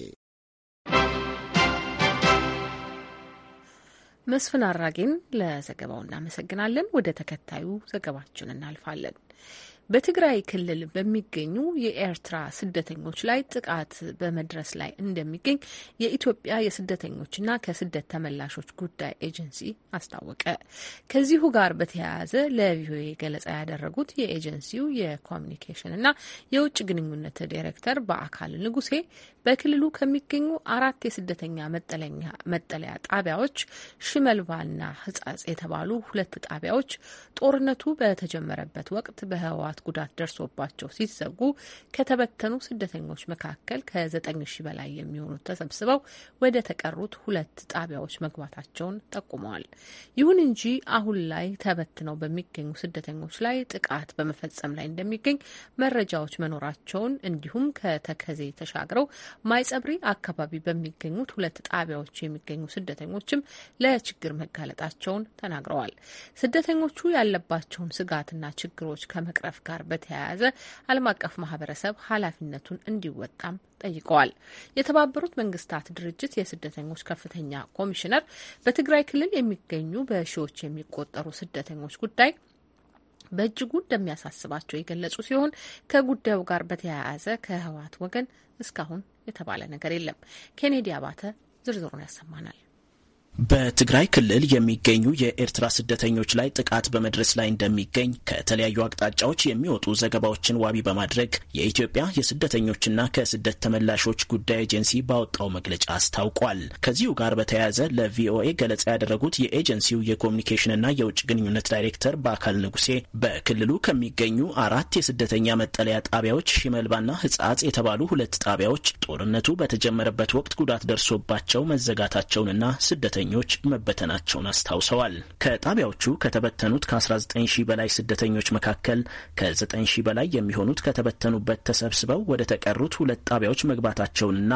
መስፍን አራጌን ለዘገባው እናመሰግናለን። ወደ ተከታዩ ዘገባችን እናልፋለን። በትግራይ ክልል በሚገኙ የኤርትራ ስደተኞች ላይ ጥቃት በመድረስ ላይ እንደሚገኝ የኢትዮጵያ የስደተኞችና ከስደት ተመላሾች ጉዳይ ኤጀንሲ አስታወቀ። ከዚሁ ጋር በተያያዘ ለቪኦኤ ገለጻ ያደረጉት የኤጀንሲው የኮሚኒኬሽንና የውጭ ግንኙነት ዲሬክተር በአካል ንጉሴ በክልሉ ከሚገኙ አራት የስደተኛ መጠለያ ጣቢያዎች ሽመልባና ህጻጽ የተባሉ ሁለት ጣቢያዎች ጦርነቱ በተጀመረበት ወቅት በህወሓት ጉዳት ደርሶባቸው ሲዘጉ ከተበተኑ ስደተኞች መካከል ከዘጠኝ ሺህ በላይ የሚሆኑት ተሰብስበው ወደ ተቀሩት ሁለት ጣቢያዎች መግባታቸውን ጠቁመዋል። ይሁን እንጂ አሁን ላይ ተበትነው በሚገኙ ስደተኞች ላይ ጥቃት በመፈጸም ላይ እንደሚገኝ መረጃዎች መኖራቸውን እንዲሁም ከተከዜ ተሻግረው ማይጸብሪ አካባቢ በሚገኙት ሁለት ጣቢያዎች የሚገኙ ስደተኞችም ለችግር መጋለጣቸውን ተናግረዋል። ስደተኞቹ ያለባቸውን ስጋትና ችግሮች ከመቅረፍ ጋር በተያያዘ ዓለም አቀፍ ማህበረሰብ ኃላፊነቱን እንዲወጣም ጠይቀዋል። የተባበሩት መንግስታት ድርጅት የስደተኞች ከፍተኛ ኮሚሽነር በትግራይ ክልል የሚገኙ በሺዎች የሚቆጠሩ ስደተኞች ጉዳይ በእጅጉ እንደሚያሳስባቸው የገለጹ ሲሆን ከጉዳዩ ጋር በተያያዘ ከህወሓት ወገን እስካሁን የተባለ ነገር የለም። ኬኔዲ አባተ ዝርዝሩን ያሰማናል። በትግራይ ክልል የሚገኙ የኤርትራ ስደተኞች ላይ ጥቃት በመድረስ ላይ እንደሚገኝ ከተለያዩ አቅጣጫዎች የሚወጡ ዘገባዎችን ዋቢ በማድረግ የኢትዮጵያ የስደተኞችና ከስደት ተመላሾች ጉዳይ ኤጀንሲ ባወጣው መግለጫ አስታውቋል። ከዚሁ ጋር በተያያዘ ለቪኦኤ ገለጻ ያደረጉት የኤጀንሲው የኮሚኒኬሽንና የውጭ ግንኙነት ዳይሬክተር በአካል ንጉሴ በክልሉ ከሚገኙ አራት የስደተኛ መጠለያ ጣቢያዎች ሽመልባና ሕጻጽ የተባሉ ሁለት ጣቢያዎች ጦርነቱ በተጀመረበት ወቅት ጉዳት ደርሶባቸው መዘጋታቸውንና ስደተ ስደተኞች መበተናቸውን አስታውሰዋል። ከጣቢያዎቹ ከተበተኑት ከ19 ሺህ በላይ ስደተኞች መካከል ከ9 ሺህ በላይ የሚሆኑት ከተበተኑበት ተሰብስበው ወደ ተቀሩት ሁለት ጣቢያዎች መግባታቸውንና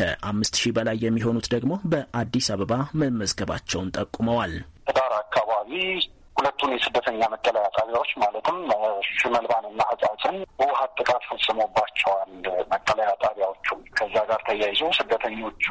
ከ5 ሺህ በላይ የሚሆኑት ደግሞ በአዲስ አበባ መመዝገባቸውን ጠቁመዋል። ዳር አካባቢ ሁለቱን የስደተኛ መጠለያ ጣቢያዎች ማለትም ሽመልባንና ሕጻጽን ህወሀት ጥቃት ፈጽሞባቸዋል። መጠለያ ጣቢያዎቹ ከዛ ጋር ተያይዞ ስደተኞቹ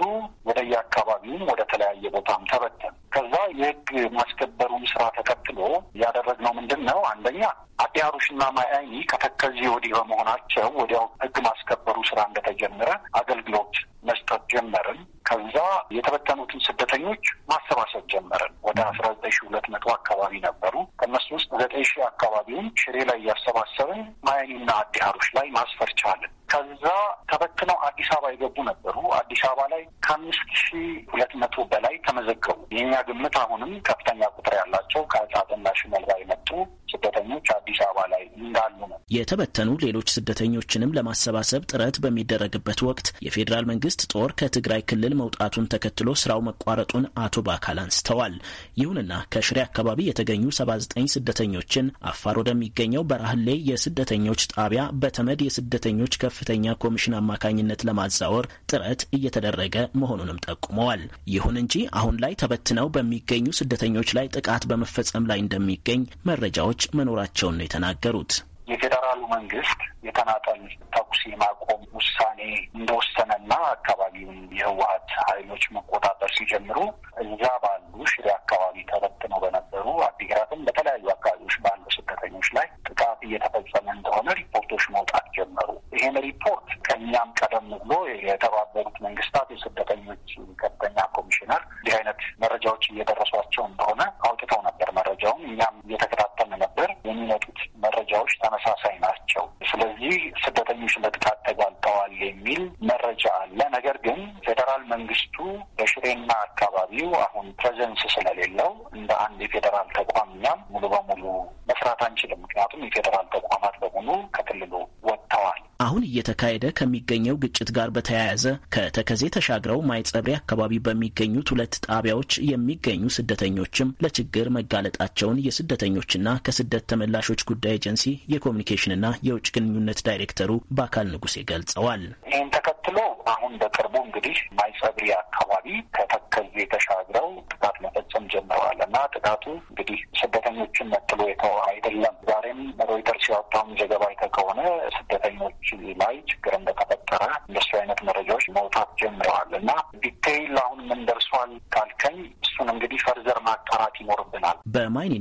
ወደየ አካባቢውም ወደ ተለያየ ቦታም ተበተን ከዛ የህግ ማስከበሩን ስራ ተከትሎ ያደረግነው ምንድን ነው? አንደኛ አዲያሩሽና ማይአይኒ ከተከዚህ ወዲህ በመሆናቸው ወዲያው ህግ ማስከበሩ ስራ እንደተጀመረ አገልግሎት መስጠት ጀመርን። ከዛ የተበተኑትን ስደተኞች ማሰባሰብ ጀመርን። ወደ አስራ ዘጠኝ ሺ ሁለት መቶ አካባቢ ነበሩ። ከእነሱ ውስጥ ዘጠኝ ሺ አካባቢውን ሽሬ ላይ እያሰባሰብን ማያኒና አዲሃሮች ላይ ማስፈር ቻልን። ከዛ ተበትነው አዲስ አበባ የገቡ ነበሩ። አዲስ አበባ ላይ ከአምስት ሺ ሁለት መቶ በላይ ተመዘገቡ። የእኛ ግምት አሁንም ከፍተኛ ቁጥር ያላቸው ከህጻጽና ሽመልባ የመጡ ስደተኞች አዲስ አበባ ላይ እንዳሉ ነው። የተበተኑ ሌሎች ስደተኞችንም ለማሰባሰብ ጥረት በሚደረግበት ወቅት የፌዴራል መንግስት መንግስት ጦር ከትግራይ ክልል መውጣቱን ተከትሎ ስራው መቋረጡን አቶ ባካል አንስተዋል። ይሁንና ከሽሬ አካባቢ የተገኙ 79 ስደተኞችን አፋር ወደሚገኘው በራህሌ የስደተኞች ጣቢያ በተመድ የስደተኞች ከፍተኛ ኮሚሽን አማካኝነት ለማዛወር ጥረት እየተደረገ መሆኑንም ጠቁመዋል። ይሁን እንጂ አሁን ላይ ተበትነው በሚገኙ ስደተኞች ላይ ጥቃት በመፈጸም ላይ እንደሚገኝ መረጃዎች መኖራቸውን ነው የተናገሩት። የፌዴራሉ መንግስት የተናጠል ተኩስ የማቆም ውሳኔ እንደወሰነና አካባቢውን የህወሀት ኃይሎች መቆጣጠር ሲጀምሩ እዛ ባሉ ሽሬ አካባቢ ተበትነው በነበሩ አዲግራትም በተለያዩ አካባቢዎች ባሉ ስደተኞች ላይ ጥቃት እየተፈጸመ እንደሆነ ሪፖርቶች መውጣት ጀመሩ። ይህን ሪፖርት ከእኛም ቀደም ብሎ የተባበሩት መንግስታት የስደተኞች ከፍተኛ ኮሚሽነር እንዲህ አይነት መረጃዎች እየደረሷቸው እንደሆነ አውጥተው ነበር። መረጃውም እኛም እየተከታተልን ነበር። የሚመጡት መረጃዎች ተመ ተመሳሳይ ናቸው። ስለዚህ ስደተኞች መጥቃት ተጓልጠዋል የሚል መረጃ አለ። ነገር ግን ፌዴራል መንግስቱ በሽሬና አካባቢው አሁን ፕሬዘንስ ስለሌለው እንደ አንድ የፌዴራል ተቋም እኛም ሙሉ በሙሉ መስራት አንችልም። ምክንያቱም የፌዴራል ተቋማት በሙሉ ከክልሉ ወጥተዋል። አሁን እየተካሄደ ከሚገኘው ግጭት ጋር በተያያዘ ከተከዜ ተሻግረው ማይጸብሪ አካባቢ በሚገኙት ሁለት ጣቢያዎች የሚገኙ ስደተኞችም ለችግር መጋለጣቸውን የስደተኞችና ከስደት ተመላሾች ጉዳይ ኤጀንሲ የኮ ኮሚኒኬሽንና የውጭ ግንኙነት ዳይሬክተሩ በአካል ንጉሴ ገልጸዋል። ይህን ተከትሎ አሁን በቅርቡ እንግዲህ ማይጸብሪ አካባቢ ከተከዜ የተሻግረው ጥቃት መፈጸም ጀምረዋል እና ጥቃቱ እንግዲህ ስደተኞችን መጥሎ የተው አይደለም። ዛሬም ሮይተርስ ያወጣውን ዘገ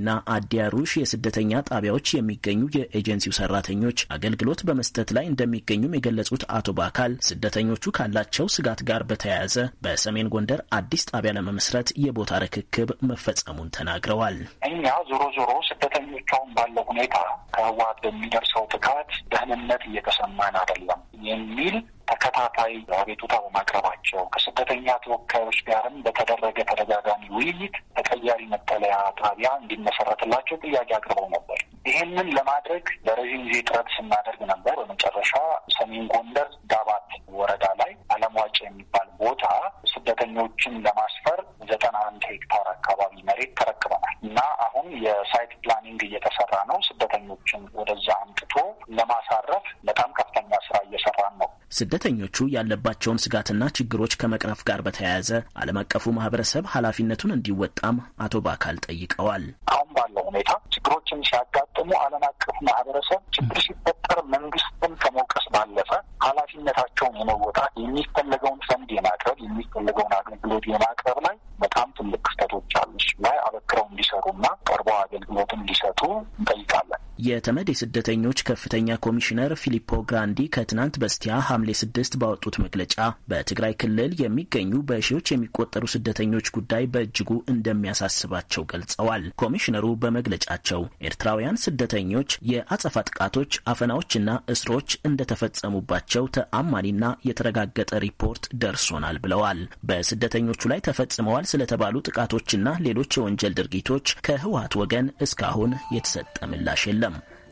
ና አዲያሩሽ የስደተኛ ጣቢያዎች የሚገኙ የኤጀንሲው ሰራተኞች አገልግሎት በመስጠት ላይ እንደሚገኙም የገለጹት አቶ ባካል ስደተኞቹ ካላቸው ስጋት ጋር በተያያዘ በሰሜን ጎንደር አዲስ ጣቢያ ለመመስረት የቦታ ርክክብ መፈጸሙን ተናግረዋል። እኛ ዞሮ ዞሮ ስደተኞቹ አሁን ባለው ሁኔታ ከህወሓት በሚደርሰው ጥቃት ደህንነት እየተሰማን አይደለም። የሚል ተከታታይ አቤቱታ በማቅረባቸው ከስደተኛ ተወካዮች ጋርም በተደረገ ተደጋጋሚ ውይይት ተቀያሪ መጠለያ ጣቢያ እንዲመሰረትላቸው ጥያቄ አቅርበው ነበር። ይህንን ለማድረግ ለረዥም ጊዜ ጥረት ስናደርግ ነበር። በመጨረሻ ሰሜን ጎንደር ዳባት ወረዳ ላይ አለም ዋጭ የሚባል ቦታ ስደተኞችን ለማስፈር ዘጠና አንድ ሄክታር አካባቢ መሬት ተረክበናል እና አሁን የሳይት ፕላኒንግ እየተሰራ ነው። ስደተኞችን ወደዛ አምጥቶ ለማሳረፍ በጣም ከፍተኛ ስራ እየሰራን ነው። ስደተኞቹ ያለባቸውን ስጋትና ችግሮች ከመቅረፍ ጋር በተያያዘ ዓለም አቀፉ ማህበረሰብ ኃላፊነቱን እንዲወጣም አቶ ባካል ጠይቀዋል። አሁን ባለው ሁኔታ ችግሮችን ሲያጋጥሙ ዓለም አቀፉ ማህበረሰብ ችግር ሲፈጠር መንግስትን ከመውቀስ ባለፈ ኃላፊነታቸውን የመወጣት የሚፈለገውን ፈንድ የማቅረብ የሚፈልገውን አገልግሎት የማቅረብ ላይ በጣም ትልቅ ክፍተቶች አሉ። እሱ ላይ አበክረው እንዲሰሩ እና ቀርበው አገልግሎት እንዲሰጡ እንጠይቃለን። የተመድ የስደተኞች ከፍተኛ ኮሚሽነር ፊሊፖ ግራንዲ ከትናንት በስቲያ ሐምሌ ስድስት ባወጡት መግለጫ በትግራይ ክልል የሚገኙ በሺዎች የሚቆጠሩ ስደተኞች ጉዳይ በእጅጉ እንደሚያሳስባቸው ገልጸዋል። ኮሚሽነሩ በመግለጫቸው ኤርትራውያን ስደተኞች የአጸፋ ጥቃቶች፣ አፈናዎችና እስሮች እንደተፈጸሙባቸው ተአማኒና የተረጋገጠ ሪፖርት ደርሶናል ብለዋል። በስደተኞቹ ላይ ተፈጽመዋል ስለተባሉ ጥቃቶችና ሌሎች የወንጀል ድርጊቶች ከህወሀት ወገን እስካሁን የተሰጠ ምላሽ የለም።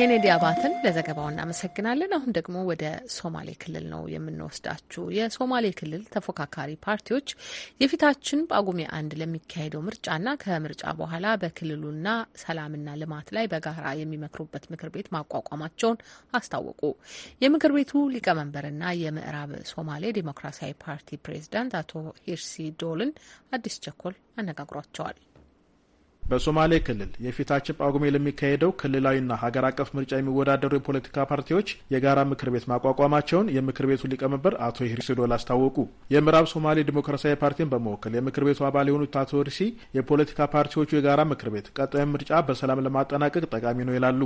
ኬኔዲ አባትን ለዘገባው እናመሰግናለን። አሁን ደግሞ ወደ ሶማሌ ክልል ነው የምንወስዳችሁ። የሶማሌ ክልል ተፎካካሪ ፓርቲዎች የፊታችን ጳጉሜ አንድ ለሚካሄደው ምርጫና ከምርጫ በኋላ በክልሉና ሰላምና ልማት ላይ በጋራ የሚመክሩበት ምክር ቤት ማቋቋማቸውን አስታወቁ። የምክር ቤቱ ሊቀመንበርና የምዕራብ ሶማሌ ዴሞክራሲያዊ ፓርቲ ፕሬዚዳንት አቶ ሂርሲ ዶልን አዲስ ቸኮል አነጋግሯቸዋል። በሶማሌ ክልል የፊታችን ጳጉሜ ለሚካሄደው ክልላዊና ሀገር አቀፍ ምርጫ የሚወዳደሩ የፖለቲካ ፓርቲዎች የጋራ ምክር ቤት ማቋቋማቸውን የምክር ቤቱ ሊቀመንበር አቶ ሂርሲ ዶል አስታወቁ። የምዕራብ ሶማሌ ዲሞክራሲያዊ ፓርቲን በመወከል የምክር ቤቱ አባል የሆኑት አቶ ሂርሲ የፖለቲካ ፓርቲዎቹ የጋራ ምክር ቤት ቀጣዩን ምርጫ በሰላም ለማጠናቀቅ ጠቃሚ ነው ይላሉ።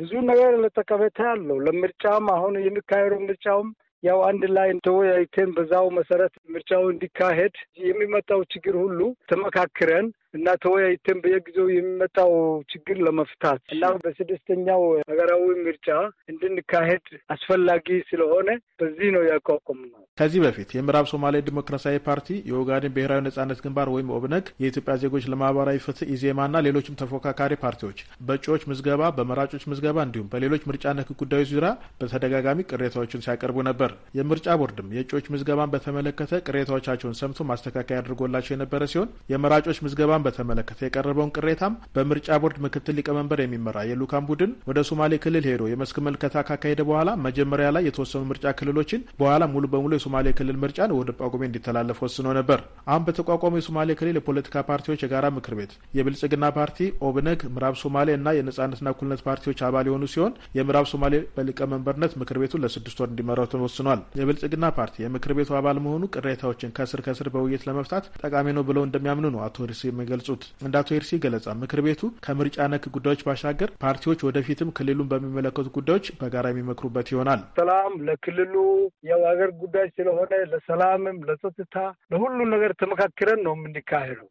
ብዙ ነገር ለጠቀሜታ ያለው ለምርጫም አሁን የሚካሄደው ምርጫውም ያው አንድ ላይ ተወያይተን በዛው መሰረት ምርጫው እንዲካሄድ የሚመጣው ችግር ሁሉ ተመካክረን እና ተወያይተን በየጊዜው የሚመጣው ችግር ለመፍታት እና በስድስተኛው ሀገራዊ ምርጫ እንድንካሄድ አስፈላጊ ስለሆነ በዚህ ነው ያቋቋምነው። ከዚህ በፊት የምዕራብ ሶማሌ ዲሞክራሲያዊ ፓርቲ፣ የኦጋዴን ብሔራዊ ነጻነት ግንባር ወይም ኦብነግ፣ የኢትዮጵያ ዜጎች ለማህበራዊ ፍትህ ኢዜማና ሌሎችም ተፎካካሪ ፓርቲዎች በእጩዎች ምዝገባ፣ በመራጮች ምዝገባ እንዲሁም በሌሎች ምርጫ ነክ ጉዳዮች ዙሪያ በተደጋጋሚ ቅሬታዎችን ሲያቀርቡ ነበር። የምርጫ ቦርድም የእጩዎች ምዝገባን በተመለከተ ቅሬታዎቻቸውን ሰምቶ ማስተካከያ አድርጎላቸው የነበረ ሲሆን የመራጮች ምዝገባ ምርጫን በተመለከተ የቀረበውን ቅሬታም በምርጫ ቦርድ ምክትል ሊቀመንበር የሚመራ የልዑካን ቡድን ወደ ሶማሌ ክልል ሄዶ የመስክ መልከታ ካካሄደ በኋላ መጀመሪያ ላይ የተወሰኑ ምርጫ ክልሎችን በኋላ ሙሉ በሙሉ የሶማሌ ክልል ምርጫን ወደ ጳጉሜ እንዲተላለፍ ወስኖ ነበር። አሁን በተቋቋመው የሶማሌ ክልል የፖለቲካ ፓርቲዎች የጋራ ምክር ቤት የብልጽግና ፓርቲ፣ ኦብነግ፣ ምዕራብ ሶማሌ እና የነጻነትና እኩልነት ፓርቲዎች አባል የሆኑ ሲሆን የምዕራብ ሶማሌ በሊቀመንበርነት ምክር ቤቱን ለስድስት ወር እንዲመራው ተወስኗል። የብልጽግና ፓርቲ የምክር ቤቱ አባል መሆኑ ቅሬታዎችን ከስር ከስር በውይይት ለመፍታት ጠቃሚ ነው ብለው እንደሚያምኑ ነው አቶ ሪሲ የሚገልጹት። እንደ አቶ ኤርሲ ገለጻ ምክር ቤቱ ከምርጫ ነክ ጉዳዮች ባሻገር ፓርቲዎች ወደፊትም ክልሉን በሚመለከቱ ጉዳዮች በጋራ የሚመክሩበት ይሆናል። ሰላም ለክልሉ ያው ሀገር ጉዳይ ስለሆነ ለሰላምም፣ ለጸጥታ፣ ለሁሉ ነገር ተመካክረን ነው የምንካሄደው።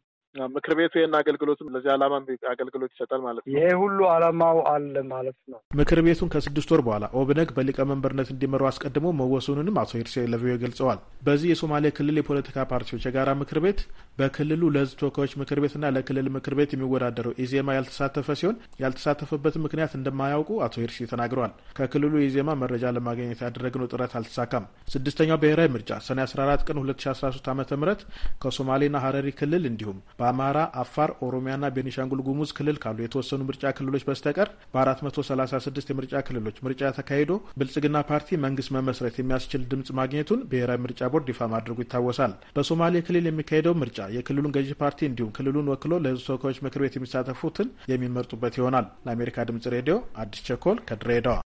ምክር ቤቱ ይህን አገልግሎትም ለዚህ ዓላማ አገልግሎት ይሰጣል ማለት ነው። ይሄ ሁሉ ዓላማው አለ ማለት ነው። ምክር ቤቱን ከስድስት ወር በኋላ ኦብነግ በሊቀመንበርነት እንዲመሩ አስቀድሞ መወሰኑንም አቶ ሂርሴ ለቪዮ ገልጸዋል። በዚህ የሶማሌ ክልል የፖለቲካ ፓርቲዎች የጋራ ምክር ቤት በክልሉ ለህዝብ ተወካዮች ምክር ቤትና ለክልል ምክር ቤት የሚወዳደረው ኢዜማ ያልተሳተፈ ሲሆን ያልተሳተፈበትን ምክንያት እንደማያውቁ አቶ ሂርሴ ተናግረዋል። ከክልሉ የኢዜማ መረጃ ለማግኘት ያደረግነው ጥረት አልተሳካም። ስድስተኛው ብሔራዊ ምርጫ ሰኔ 14 ቀን 2013 ዓ ም ከሶማሌና ሀረሪ ክልል እንዲሁም በአማራ፣ አፋር፣ ኦሮሚያና ቤኒሻንጉል ጉሙዝ ክልል ካሉ የተወሰኑ ምርጫ ክልሎች በስተቀር በ436 የምርጫ ክልሎች ምርጫ ተካሂዶ ብልጽግና ፓርቲ መንግስት መመስረት የሚያስችል ድምጽ ማግኘቱን ብሔራዊ ምርጫ ቦርድ ይፋ ማድረጉ ይታወሳል። በሶማሌ ክልል የሚካሄደው ምርጫ የክልሉን ገዢ ፓርቲ እንዲሁም ክልሉን ወክሎ ለህዝብ ተወካዮች ምክር ቤት የሚሳተፉትን የሚመርጡበት ይሆናል። ለአሜሪካ ድምጽ ሬዲዮ አዲስ ቸኮል ከድሬዳዋ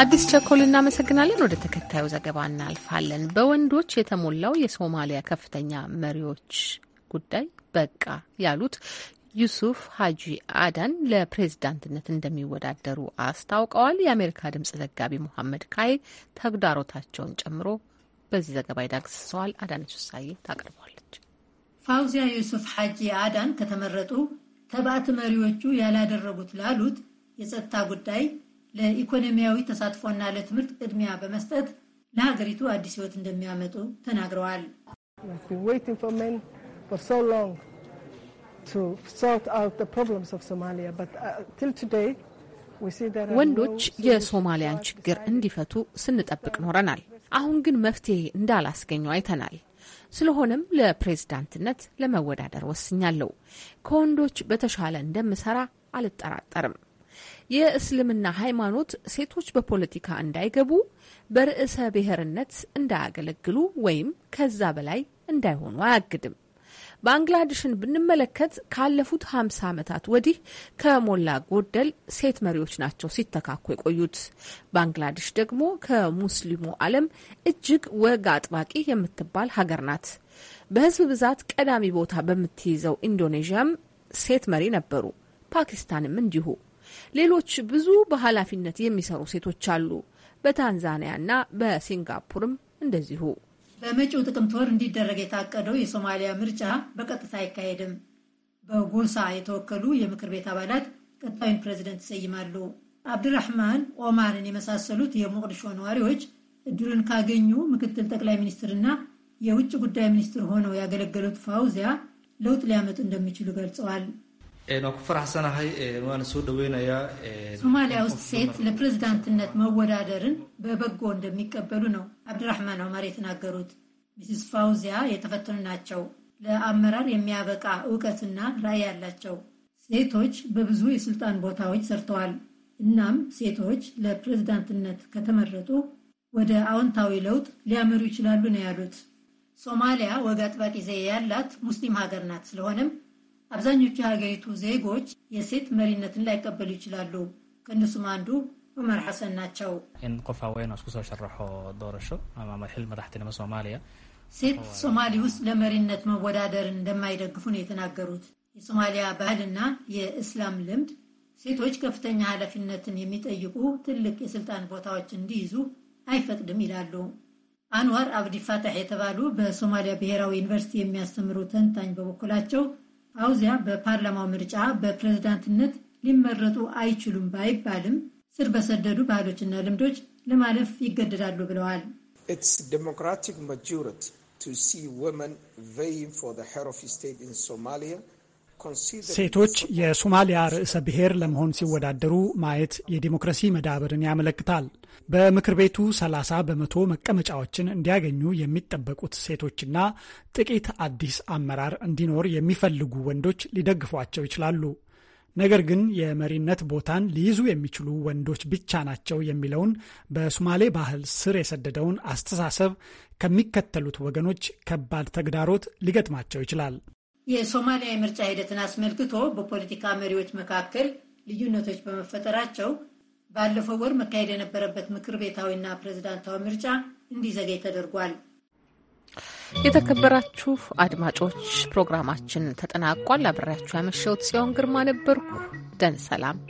አዲስ ቸኮል እናመሰግናለን። ወደ ተከታዩ ዘገባ እናልፋለን። በወንዶች የተሞላው የሶማሊያ ከፍተኛ መሪዎች ጉዳይ በቃ ያሉት ዩሱፍ ሀጂ አዳን ለፕሬዝዳንትነት እንደሚወዳደሩ አስታውቀዋል። የአሜሪካ ድምጽ ዘጋቢ ሙሐመድ ካይ ተግዳሮታቸውን ጨምሮ በዚህ ዘገባ ይዳግስሰዋል። አዳነች ውሳይ ታቀርበዋለች። ፋውዚያ ዩሱፍ ሀጂ አዳን ከተመረጡ ተባዕት መሪዎቹ ያላደረጉት ላሉት የጸጥታ ጉዳይ ለኢኮኖሚያዊ ተሳትፎና ለትምህርት ቅድሚያ በመስጠት ለሀገሪቱ አዲስ ህይወት እንደሚያመጡ ተናግረዋል። uh, ወንዶች የሶማሊያን ችግር እንዲፈቱ ስንጠብቅ ኖረናል። አሁን ግን መፍትሄ እንዳላስገኙ አይተናል። ስለሆነም ለፕሬዝዳንትነት ለመወዳደር ወስኛለሁ። ከወንዶች በተሻለ እንደምሰራ አልጠራጠርም። የእስልምና ሃይማኖት ሴቶች በፖለቲካ እንዳይገቡ፣ በርዕሰ ብሔርነት እንዳያገለግሉ ወይም ከዛ በላይ እንዳይሆኑ አያግድም። ባንግላዴሽን ብንመለከት ካለፉት 50 ዓመታት ወዲህ ከሞላ ጎደል ሴት መሪዎች ናቸው ሲተካኩ የቆዩት። ባንግላዴሽ ደግሞ ከሙስሊሙ ዓለም እጅግ ወግ አጥባቂ የምትባል ሀገር ናት። በህዝብ ብዛት ቀዳሚ ቦታ በምትይዘው ኢንዶኔዥያም ሴት መሪ ነበሩ፣ ፓኪስታንም እንዲሁ። ሌሎች ብዙ በኃላፊነት የሚሰሩ ሴቶች አሉ። በታንዛኒያና በሲንጋፑርም እንደዚሁ። በመጪው ጥቅምት ወር እንዲደረግ የታቀደው የሶማሊያ ምርጫ በቀጥታ አይካሄድም። በጎሳ የተወከሉ የምክር ቤት አባላት ቀጣዩን ፕሬዚደንት ይሰይማሉ። አብድራህማን ኦማርን የመሳሰሉት የሞቅዲሾ ነዋሪዎች እድሉን ካገኙ ምክትል ጠቅላይ ሚኒስትርና የውጭ ጉዳይ ሚኒስትር ሆነው ያገለገሉት ፋውዚያ ለውጥ ሊያመጡ እንደሚችሉ ገልጸዋል። waan eh, ku faraxsanahay waan eh, soo dhoweynayaa eh, ሶማሊያ ውስጥ ሴት ለፕሬዝዳንትነት መወዳደርን በበጎ እንደሚቀበሉ ነው አብድራህማን ዑመር የተናገሩት። ሚስስ ፋውዚያ የተፈተኑ ናቸው። ለአመራር የሚያበቃ እውቀትና ራዕይ ያላቸው ሴቶች በብዙ የስልጣን ቦታዎች ሰርተዋል። እናም ሴቶች ለፕሬዝዳንትነት ከተመረጡ ወደ አዎንታዊ ለውጥ ሊያመሩ ይችላሉ ነው ያሉት። ሶማሊያ ወግ አጥባቂ ዘዬ ያላት ሙስሊም ሀገር ናት። ስለሆነም አብዛኞቹ የሀገሪቱ ዜጎች የሴት መሪነትን ላይቀበሉ ይችላሉ። ከእነሱም አንዱ ዑመር ሐሰን ናቸው። ሴት ሶማሊ ውስጥ ለመሪነት መወዳደር እንደማይደግፉ ነው የተናገሩት። የሶማሊያ ባህልና የእስላም ልምድ ሴቶች ከፍተኛ ኃላፊነትን የሚጠይቁ ትልቅ የስልጣን ቦታዎች እንዲይዙ አይፈቅድም ይላሉ። አንዋር አብዲ ፋታሕ የተባሉ በሶማሊያ ብሔራዊ ዩኒቨርሲቲ የሚያስተምሩ ተንታኝ በበኩላቸው አውዚያ በፓርላማው ምርጫ በፕሬዝዳንትነት ሊመረጡ አይችሉም ባይባልም ስር በሰደዱ ባህሎችና ልምዶች ለማለፍ ይገደዳሉ ብለዋል። ዲሞክራቲክ ማጆሪቲ ቱ ሲ ወመን ቬይንግ ፎር ዘ ሄድ ኦፍ ስቴት ኢን ሶማሊያ ሴቶች የሶማሊያ ርዕሰ ብሔር ለመሆን ሲወዳደሩ ማየት የዲሞክራሲ መዳበርን ያመለክታል። በምክር ቤቱ 30 በመቶ መቀመጫዎችን እንዲያገኙ የሚጠበቁት ሴቶችና ጥቂት አዲስ አመራር እንዲኖር የሚፈልጉ ወንዶች ሊደግፏቸው ይችላሉ። ነገር ግን የመሪነት ቦታን ሊይዙ የሚችሉ ወንዶች ብቻ ናቸው የሚለውን በሶማሌ ባህል ስር የሰደደውን አስተሳሰብ ከሚከተሉት ወገኖች ከባድ ተግዳሮት ሊገጥማቸው ይችላል። የሶማሊያ የምርጫ ሂደትን አስመልክቶ በፖለቲካ መሪዎች መካከል ልዩነቶች በመፈጠራቸው ባለፈው ወር መካሄድ የነበረበት ምክር ቤታዊና ፕሬዝዳንታዊ ምርጫ እንዲዘገይ ተደርጓል። የተከበራችሁ አድማጮች ፕሮግራማችን ተጠናቋል። አብሬያችሁ ያመሸሁት ጽዮን ግርማ ነበርኩ። ደን ሰላም